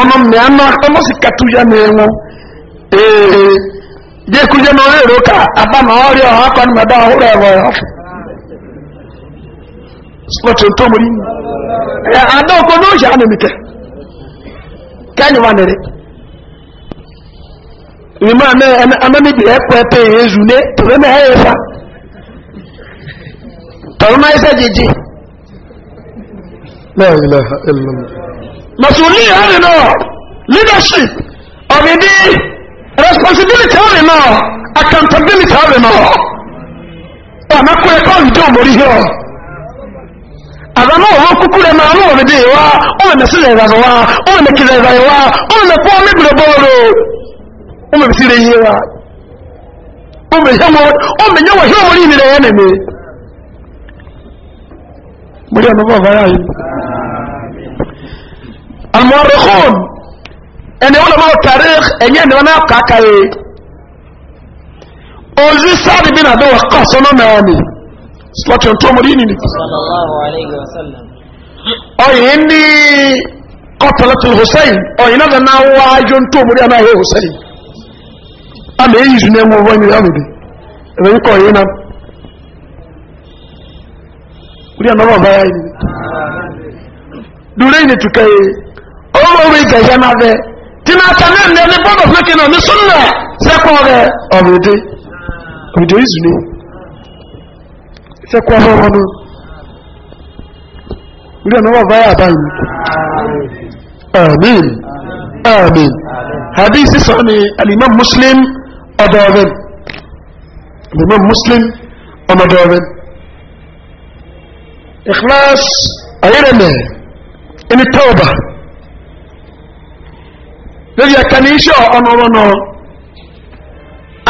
ọ̀nà mẹ́ànà ọmọsí kàtúyà mẹ́wọ́ ee jẹ́ kújẹ́ náà rèrò ká àbámà ọ̀rẹ́ ọ̀hán akọni mẹ́bà ọ̀húrẹ́ ẹ̀rọ ọ̀fẹ́ spọtù tó mú rí ẹ̀ àdó òkú ní òṣà nìmi kẹ kẹ́yìn wà nìrí ìmọ̀ amẹ́bíbi ẹ̀kọ́ ẹ̀pẹ́ èézù ní tòlẹ́mẹ́ ẹ̀yẹ fa tọ̀rọ̀mọ́ ẹ̀sẹ̀ jìjì lẹ́yìn lẹ́yìn lẹ́yìn masuliya ni nɔ leadership ɔbɛbi responsibility ni nɔ accountability ni nɔ ɔmɛ kó ɛkɔ ɔdún omori yɛ àbámọ̀ wọn kúkú rẹ̀ máa mọ̀ òbí dìé wá ọmọ ẹ̀mẹ̀ sílẹ̀ ìrànwọ́ wá ọmọ ẹ̀mẹ̀ kìlẹ̀ ìrànwọ́ wá ọmọ ẹ̀mẹ̀ pọ́ mẹ́gbẹ̀rẹ̀ bọ́ọ̀rọ̀ ọmọ ẹ̀mẹ̀ sílẹ̀ yé wá ọmọ ẹ̀yẹ́ wọ̀ hí ọmọ ní ìmìlẹ̀ yẹn nẹ̀mẹ̀ mo rí ọmọ bọ́ọ̀ báyà yìí المؤرخون ان علماء التاريخ ان ينوانا كاكاي اوزي سعد بن ابي وقاص نماني صلاه تومريني صلى الله عليه وسلم او اني قتلت الحسين او ان انا واجن تومري انا هي حسين انا يجي نمو وين يا بدي ابي كو هنا ولي انا ما بايني دولين تكاي ọmọ orí gẹ̀yẹ́ máa bẹ tí máa tẹ náà ní ẹni bọ́ọ̀dọ̀ fúnkì náà ní súnlẹ̀ sẹ́kọ̀ọ́ rẹ ọ̀rọ̀ èdè òdò ìzùlé sẹ́kọ̀ọ́ ọmọ ọmọ náà orí ọ̀nà wà báyà báyìí amin amin hadith sọ ni alimam muslim ọdọ ọbẹ muslim ọmọdọ ikhlas ayẹrẹmẹ ẹni tọ́ọ̀bà. lórí ẹ̀ka ní iṣẹ́ na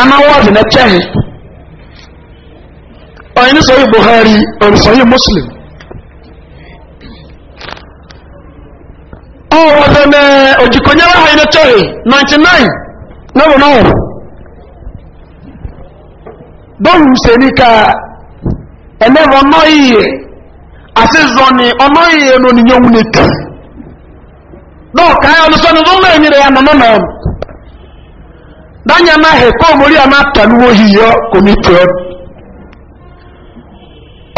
anáwọ́dì ní kẹ́hìn ọ̀yìn ní sọ́yìn buhari ọ̀rìn sọ́yìn muslim ọ̀rọ̀ ọ̀dẹ̀mẹ̀ òjìkọ̀nyẹ́wà ọ̀yìn ní kẹ́hìn 99 lọ́wọ́ náà bọ́ọ̀lù ṣe ní ká ẹlẹ́rọ ọ̀nà ìyẹ̀ àti zọ́ni ọ̀nà ìyẹ̀ dọ́ọ̀ka ya ọlọ́sọ́nù tó mẹ́rin rẹ̀ ànàmọ́ he dáyà máa hẹ̀kọ́ mórí àmà tàlúwò yíyọ kò ní tó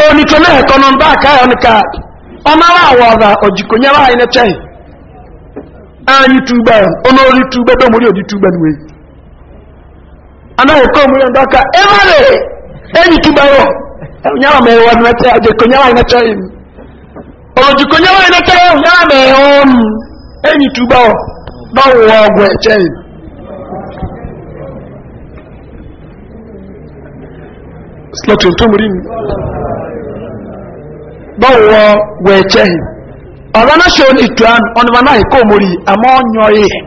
ọ ní tó mẹ́hẹ̀kọ́ náà bá ká yọ nìka ọmọ ara àwọ̀ ọ̀dà ọ̀jìkò nyẹ́rọ àyìn ẹ̀tẹ́ ààyè túbẹ̀ ọlọ́rí túbẹ̀ bẹ́ẹ̀ enyi tuba ọ n'ọwụwa ọgwụ echeghị slotin tó múrí ọgwụ echeghị ọ̀rọ̀ náà ṣe na án ọ̀nàmà náà ikó múrí àmọ́ ọ̀nyọ́ ihe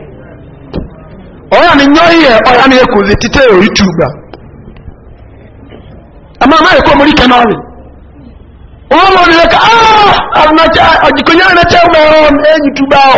ọ̀yà ni nyọ́ ihe ọ̀yà ni ekùzì títẹ̀ orí tuba àmọ́ náà ikó múrí kẹ́nọ́ọ̀rì wọ́n mọ̀ nílẹ̀ ká ọ̀rọ̀ tẹ́ ẹ̀yìn ọ̀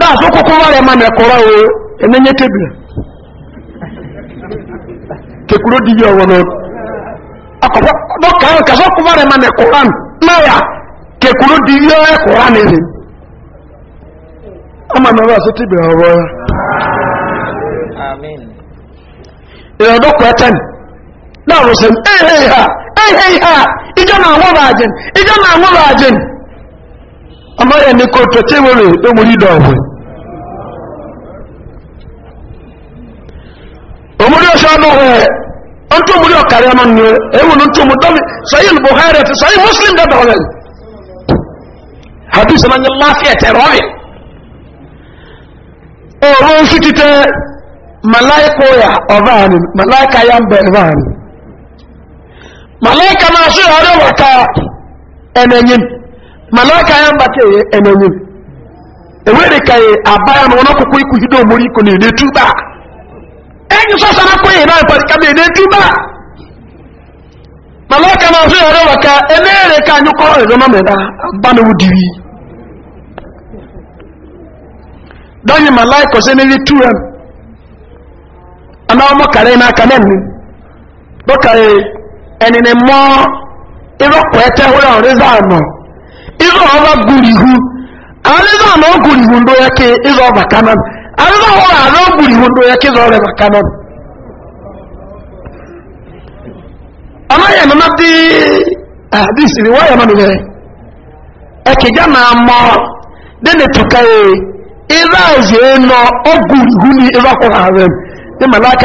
náà fún kókó wà rẹ̀ máa nẹ̀kọ́rọ̀ o ẹ̀nẹ́yẹ́ tẹ́bìlẹ̀ kẹkùrò dìbí ọwọ́ náà akọ̀fọ́ lọ́kàá kẹsọ́ kó wà rẹ̀ ya nẹ̀kọ́rọ̀ náà kẹkùrò dìbí ọwọ́ nìyí ọmọ mi wá ha! na eh, amma ya ne ko ta ce mure da muri da hu umuri ya sha no he an to muri kare man ne e wonu to mu dami sahih bukhari ta sahih muslim da dawal hadith man Allah fi tarawi o ro fitite malaiko ya ovani malaika ya mbenvani malaika na so ya rewata enenyin mana aka ya mbata emenye enwere ka e, e e aba ya na wọn akwụkwọ omori iko na edetu tuba enyi sọsọ na kwenye na mpari ka na ene tuba mana aka na ọzọ yọrọ waka enere ka anyị kọrọ ịzọ na meda aba na udiri dọnyi malaika ọsọ n'eri tuwa ana ọmọ kare na aka na nne dọkare ẹni na mmụọ ịrọpụ ẹtẹ hụrụ ọrịza anọ izo ọba gburihu arịza na o gburihu ndo ya ndụ izo ọba kanan arịza ọhụrụ arịza o gburihu ndo ndị ke izo ọrịa kanan anaghị eme mmadụ adịsiri waya mmadụ ya ekiga na amọ dị n'etuka ya ịza ezi nọ o gburihu na dị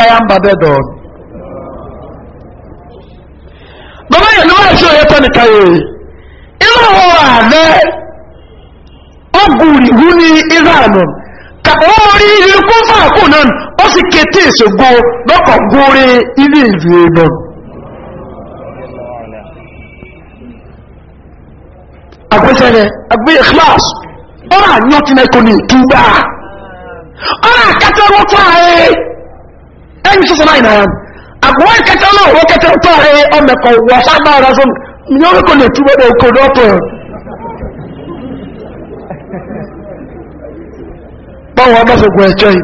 ya mba baba ya ịlụrụ adị ọgwụri hu ni iran ka o mori iri kọfa akụ nan o si kete esogbo lọkọ gwụrị iri iri ebe agbẹsẹrẹ agbẹ ikhlas ọrọ anyọ tinẹkọ ni ìtúgbà ọrọ akẹtẹrọ tó ayé ẹni sísẹ náà ìnáyà agbọwọ ìkẹtẹrọ òwò kẹtẹrọ tó ayé ọmọkọ wọ sábà ọrọ fún mi mnyoro kwenye chumba na ukodoto bawo amaze gwekei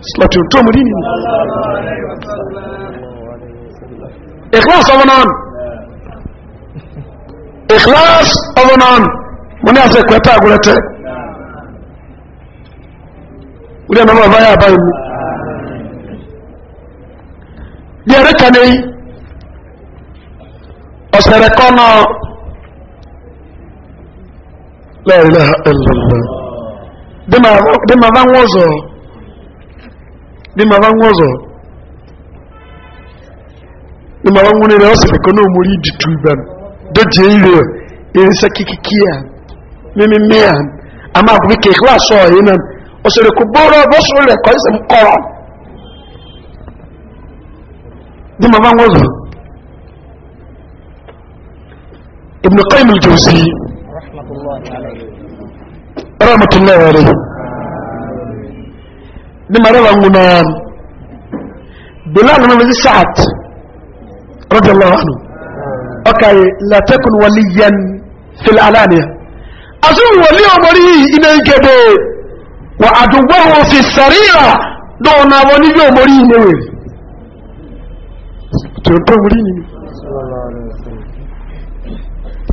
slati uto mulini ikhlas abanan ikhlas abanan mune ase kweta agulete uri anamavaya abayimu yerekanei ọ̀sẹ̀rẹ̀ kọ́nà láìlá ẹ̀lọ́lọ́ bí ma bá ń wọ́zọ̀ bí ma bá ń wọ́zọ̀ bí ma bá ń wọ́n rẹ̀ ọ̀sẹ̀rẹ̀ ìdìtú ìgbà dọ́jẹ́ ìrẹ̀ ìrìnsẹ́ kíkíkí à mímí mẹ́à a máa bí kèkí wà sọ ọ̀yẹ́ náà ọ̀sẹ̀rẹ̀ kò bọ́ọ̀rọ̀ bọ́sọ̀rọ̀ rẹ̀ kọ́ bí ibn qayyim al-jawzi rahmatullahi alayhi ni maraba nguna bilal ibn sa'ad radiyallahu anhu okay la takun waliyan fil alaniya azu wali omori ina gebe wa aduwahu fi sarira do na woni yo omori ina we to to omori ni sallallahu alaihi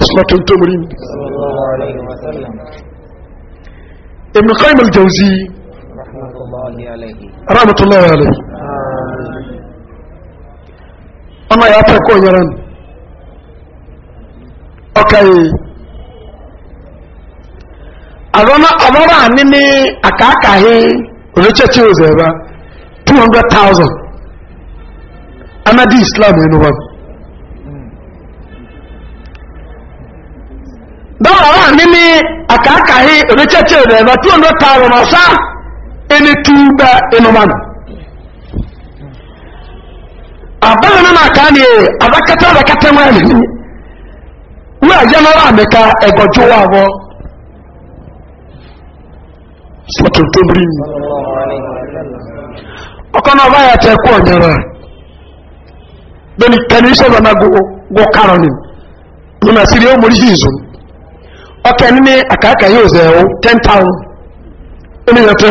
sọ́tún tó mú rí ní ibn qayyim al-jawzi rahmatullahi alayhi ọmọ ya fẹ́ kọ́ yẹran ọkàyè àbọ̀rọ̀ àní ní àkàkàhí olóṣèṣì òzẹ̀bá 200,000 amadi islam ẹnu wọn dọ́wọ́ wà nínú àkàkàhí oníṣẹ́ṣẹ́ rẹ̀ lọ tí ó ló ta ọ̀rọ̀ ọ̀sá ẹni túbẹ̀ inú wọn. àbáyọ̀ nínú àkàá ni àbákẹ́tẹ́ àbákẹ́tẹ́ wọn ẹ̀mí wọ́n àyẹ́ náà wà mẹ́ka ẹ̀gọ́jú wà wọ́ sọ̀tún tó bí mi. ọkọ náà bá yà tẹ́ kú ọ̀nyẹ́rọ bẹ́ẹ̀ni kẹ́ni iṣẹ́ bàbá gòkàrọ̀ ni mo orí yìí ọkẹ ní àkàkà yóò zẹ̀ ọ́ ten thousand ẹni yẹn tẹ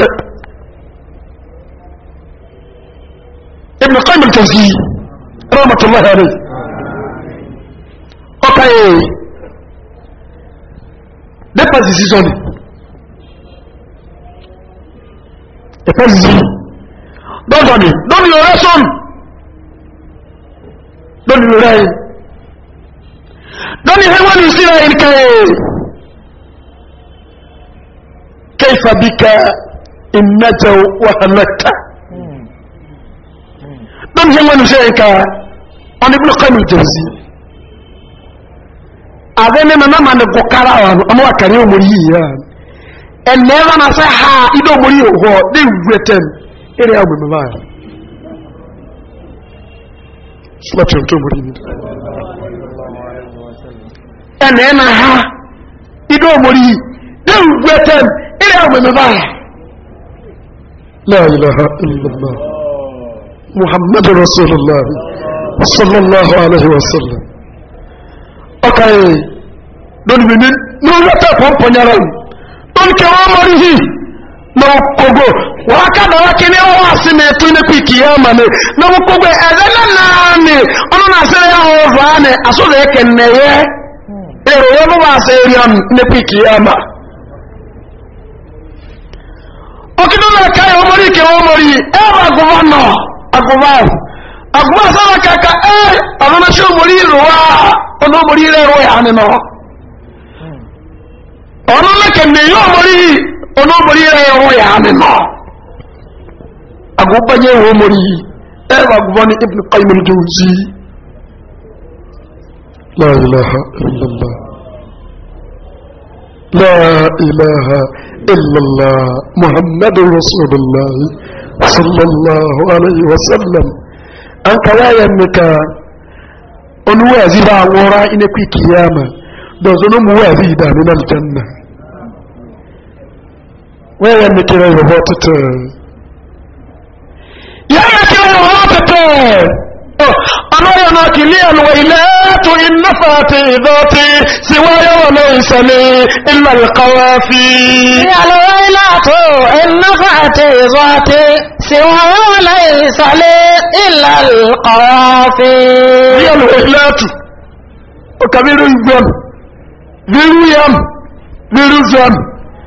ibùdó kọ́ ìmọ̀ tẹ̀sí rọ́mọ̀tọ́lọ́ hẹ́rẹ́ ọkà yẹ dẹ́pàsì sísọ́nì dẹ́pàsì sísọ́nì dọ́dọ̀nì dọ́dọ̀ yóò rẹ́ sọ́nù dọ́dọ̀ Don't be yìí dọ́dọ̀ yóò rẹ́ wọ́n ní sí rẹ̀ yìí kẹ́yẹ́. كيف بك إن نجوا وهلكت دم هي نجيك عن ابن قيم الجوزي أذن ما نقول كلام أما كريم مريء ẹnẹ bá na sẹ ha idó mo yìí wọ ní ìwúrẹ tẹm ẹnẹ àwọn mímọ báyìí sọlá tẹm tó mo rí na ha ilé ọmọ mi báyìí láàrín ilẹ̀ muhammadu rasulullah sallallahu alaihi wasallam ọkà yìí lórí ní lóòrẹ́tẹ̀ pọ̀npọ̀ yára tó ń kẹ wọ́n na okogo wọ́n ká bá ní ọwọ́ ní yá na okogo ẹ̀rẹ́ náà ní okidona kai omori ke omori e ba governno agoba agoba sala kaka e abana sho omori ruwa ono omori re ro ya no ono na ke ne yo omori ono omori re ro ya no aguba ye omori e ba governno ibn qayyim al-jawzi la ilaha illallah la ilaha إلا الله محمد رسول الله صلى الله عليه وسلم أنت لا يملك الوازي وراء إنك كياما دوزنو موازي دا من الجنة يا ريبوتة يا ريبوتة لك الويلات إن فاتي ذاتي سواي وليس لي إلا القوافي يا الويلات إن فاتي ذاتي سواي وليس لي إلا القوافي يا الويلات وكبير الجن ذي اليم ذي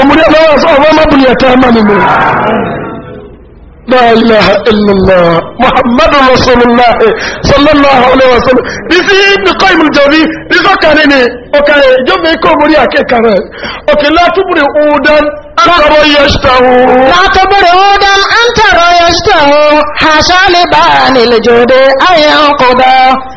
ومري الله أصحاب ما بل يتامنني لا إله إلا الله محمد رسول الله صلى الله عليه وسلم إذا ابن قيم الجوزي إذا كان إني أوكي جمع كومري أكي كان أوكي لا تبري أودا أنت ريشته لا تبري أودا أنت ريشته حاشا لبان الجود أيام قضاه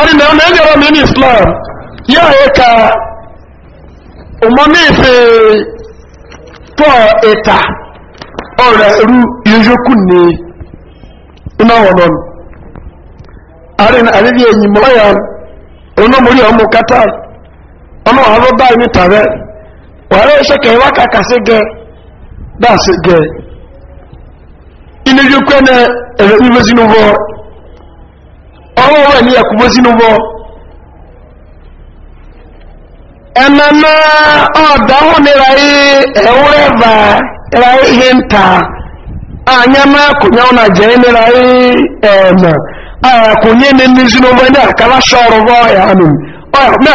arìnà na ẹ̀yẹ̀rọ mi ní islam yóò yẹ ká ọmọ mi fi pọ̀ na ọ̀rẹ̀ rú na na iná wọn nọ arìnà àrídì ẹ̀yìn mọ́láyà onímọ̀rí ọmọ kátà gẹ dáàsì gẹ ilé yókù ẹ̀nà àwọn ọmọ ẹ̀mí ẹ̀kú sínú bọ́ ẹ̀nàmá ọ̀dáhùn nira yí ẹ̀wúrẹ́ bá ihe ntà anyamá kònyá ọ̀nà jẹ́ nira yí ẹ̀mà àkònyé ní ní sínú bọ́ ní àkàrà sọ̀rọ̀ bọ́ ọ̀yà nù ọ̀yà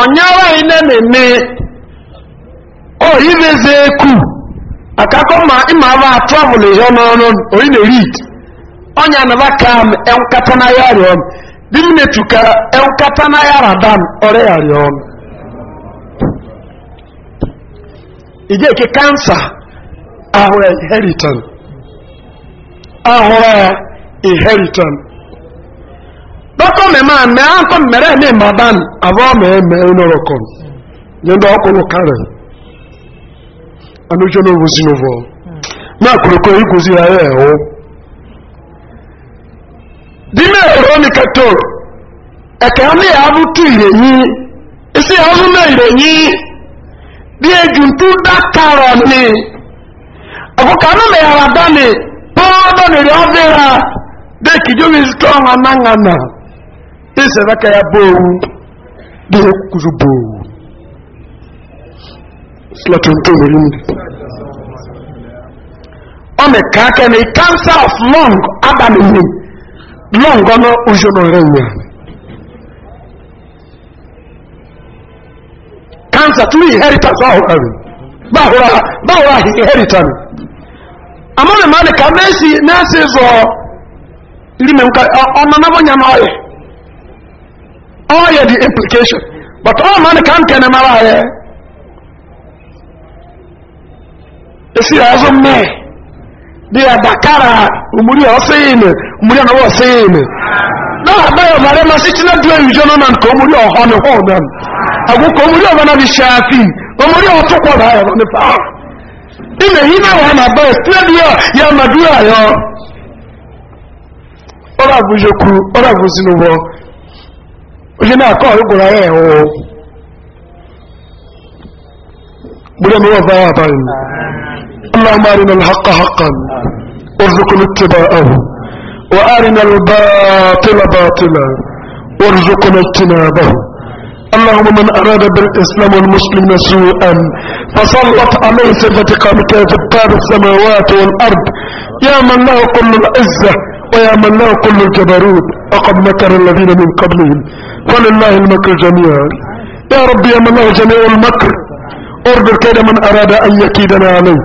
onyawa anyị na-eme oyi na-eze eku maka akọ ma ịma ava travel ihe n'ọnụ oyi na-eri onye anaba ka m enkata na ya rịọ m di m na-etuka enkata na ya rada ọrịa ya rịọ m ịga eke kansa ahụ ya iheritan ahụ ya iheritan bọ́tọ̀ mẹ́mà mẹ́à tó mẹ́rẹ́ ní madan àwọ́ mẹ́ẹ̀mẹ́ onórọ̀kọ̀ yẹ́ndọ́ ọkùnrin kárẹ̀ anújọ́ lóòrùn sí lóòrùn náà kòròkò ikú sí ayé ẹ̀họ́ dímẹ̀ ẹ̀rọ ní kẹtọ́ ẹ̀kẹ́ ní àbútú ìrẹ̀yìn isi ọdúnmẹ̀ ìrẹ̀yìn bí ejù ni mẹ́yàrá dání mi ịsere aka ya bụ owu dịghị kwuru bụ owu ọ meka aka na kansa of lọng abalị nne lọng ọnụ ụjọ n'ọrịa nwa kansa tụrụ inheritance ahụ ahụ gbahụrụ ahụ inheritance amụrụ m adị ka na-esi na-esi zụọ iri na n'abụnya n'ọrịa all oh, the implication. But all man can can amara. You see, as a man, they are Dakara, Umuri or saying, Umuri or saying. No, I am a message not doing you don't know, Komuri or Honor Honor. I will Komuri or another Shafi, Komuri na Tokoda on the power. In the Hina, I am a best, Nadia, Yamadua, or Abujoku, or Abuzinubo. ṣe náà kọ́ ìgbòrò ẹ̀ o هو mọ́ bá اللهم أرنا الحق حقا وارزقنا اتباعه وأرنا الباطل باطلا وارزقنا اجتنابه اللهم من أراد بالإسلام والمسلم سوءا فسلط عليه صفة قامته في السماوات والأرض يا من له كل العزة من له كل الجبروت وقد مكر الذين من قبلهم فلله المكر جميعا يا رب يا من له جميع المكر اردر كيد من اراد ان يكيدنا عليه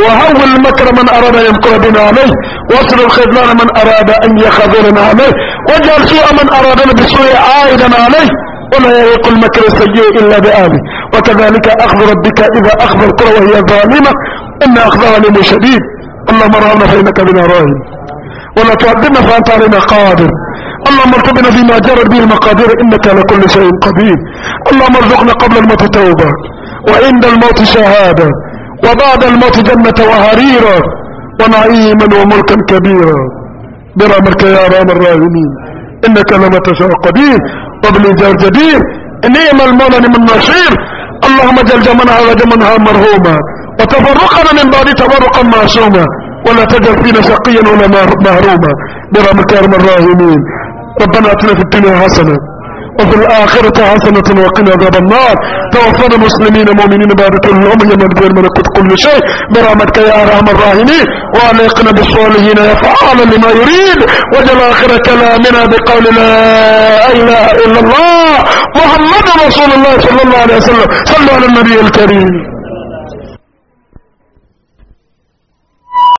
وهو المكر من اراد ان يمكر بنا عليه واصل الخذلان من اراد ان يخذلنا عليه واجعل سوء من ارادنا بسوء عائدا عليه ولا يليق المكر السيء الا بآله وكذلك اخذ ربك اذا اخذ القرى وهي ظالمه ان اخذها لم شديد اللهم ارحمنا فانك بنا راهب ولا تعذبنا فأنت علينا قادر اللهم ارتبنا فيما جرت به المقادير إنك على كل شيء قدير اللهم ارزقنا قبل الموت توبة وعند الموت شهادة وبعد الموت جنة وهريرا ونعيما وملكا كبيرا برحمتك يا رام الراحمين إنك لما تشاء قدير جار جدير نعم المولى من نعم نصير اللهم جل جمعنا على جمعها مرهوما وتفرقنا من بعد تفرقا معصوما ولا تجعل فينا شقيا ولا مهروما برحمك يا ارحم الراحمين ربنا اتنا في الدنيا حسنه وفي الآخرة حسنة وقنا عذاب النار توفنا مسلمين مؤمنين بارك اللهم يا من غير ملكوت كل شيء برحمتك يا أرحم الراحمين وألقنا بالصالحين يا فعالا لما يريد وجل آخر كلامنا بقول لا إله إلا الله محمد رسول الله صلى الله عليه وسلم صلى على النبي الكريم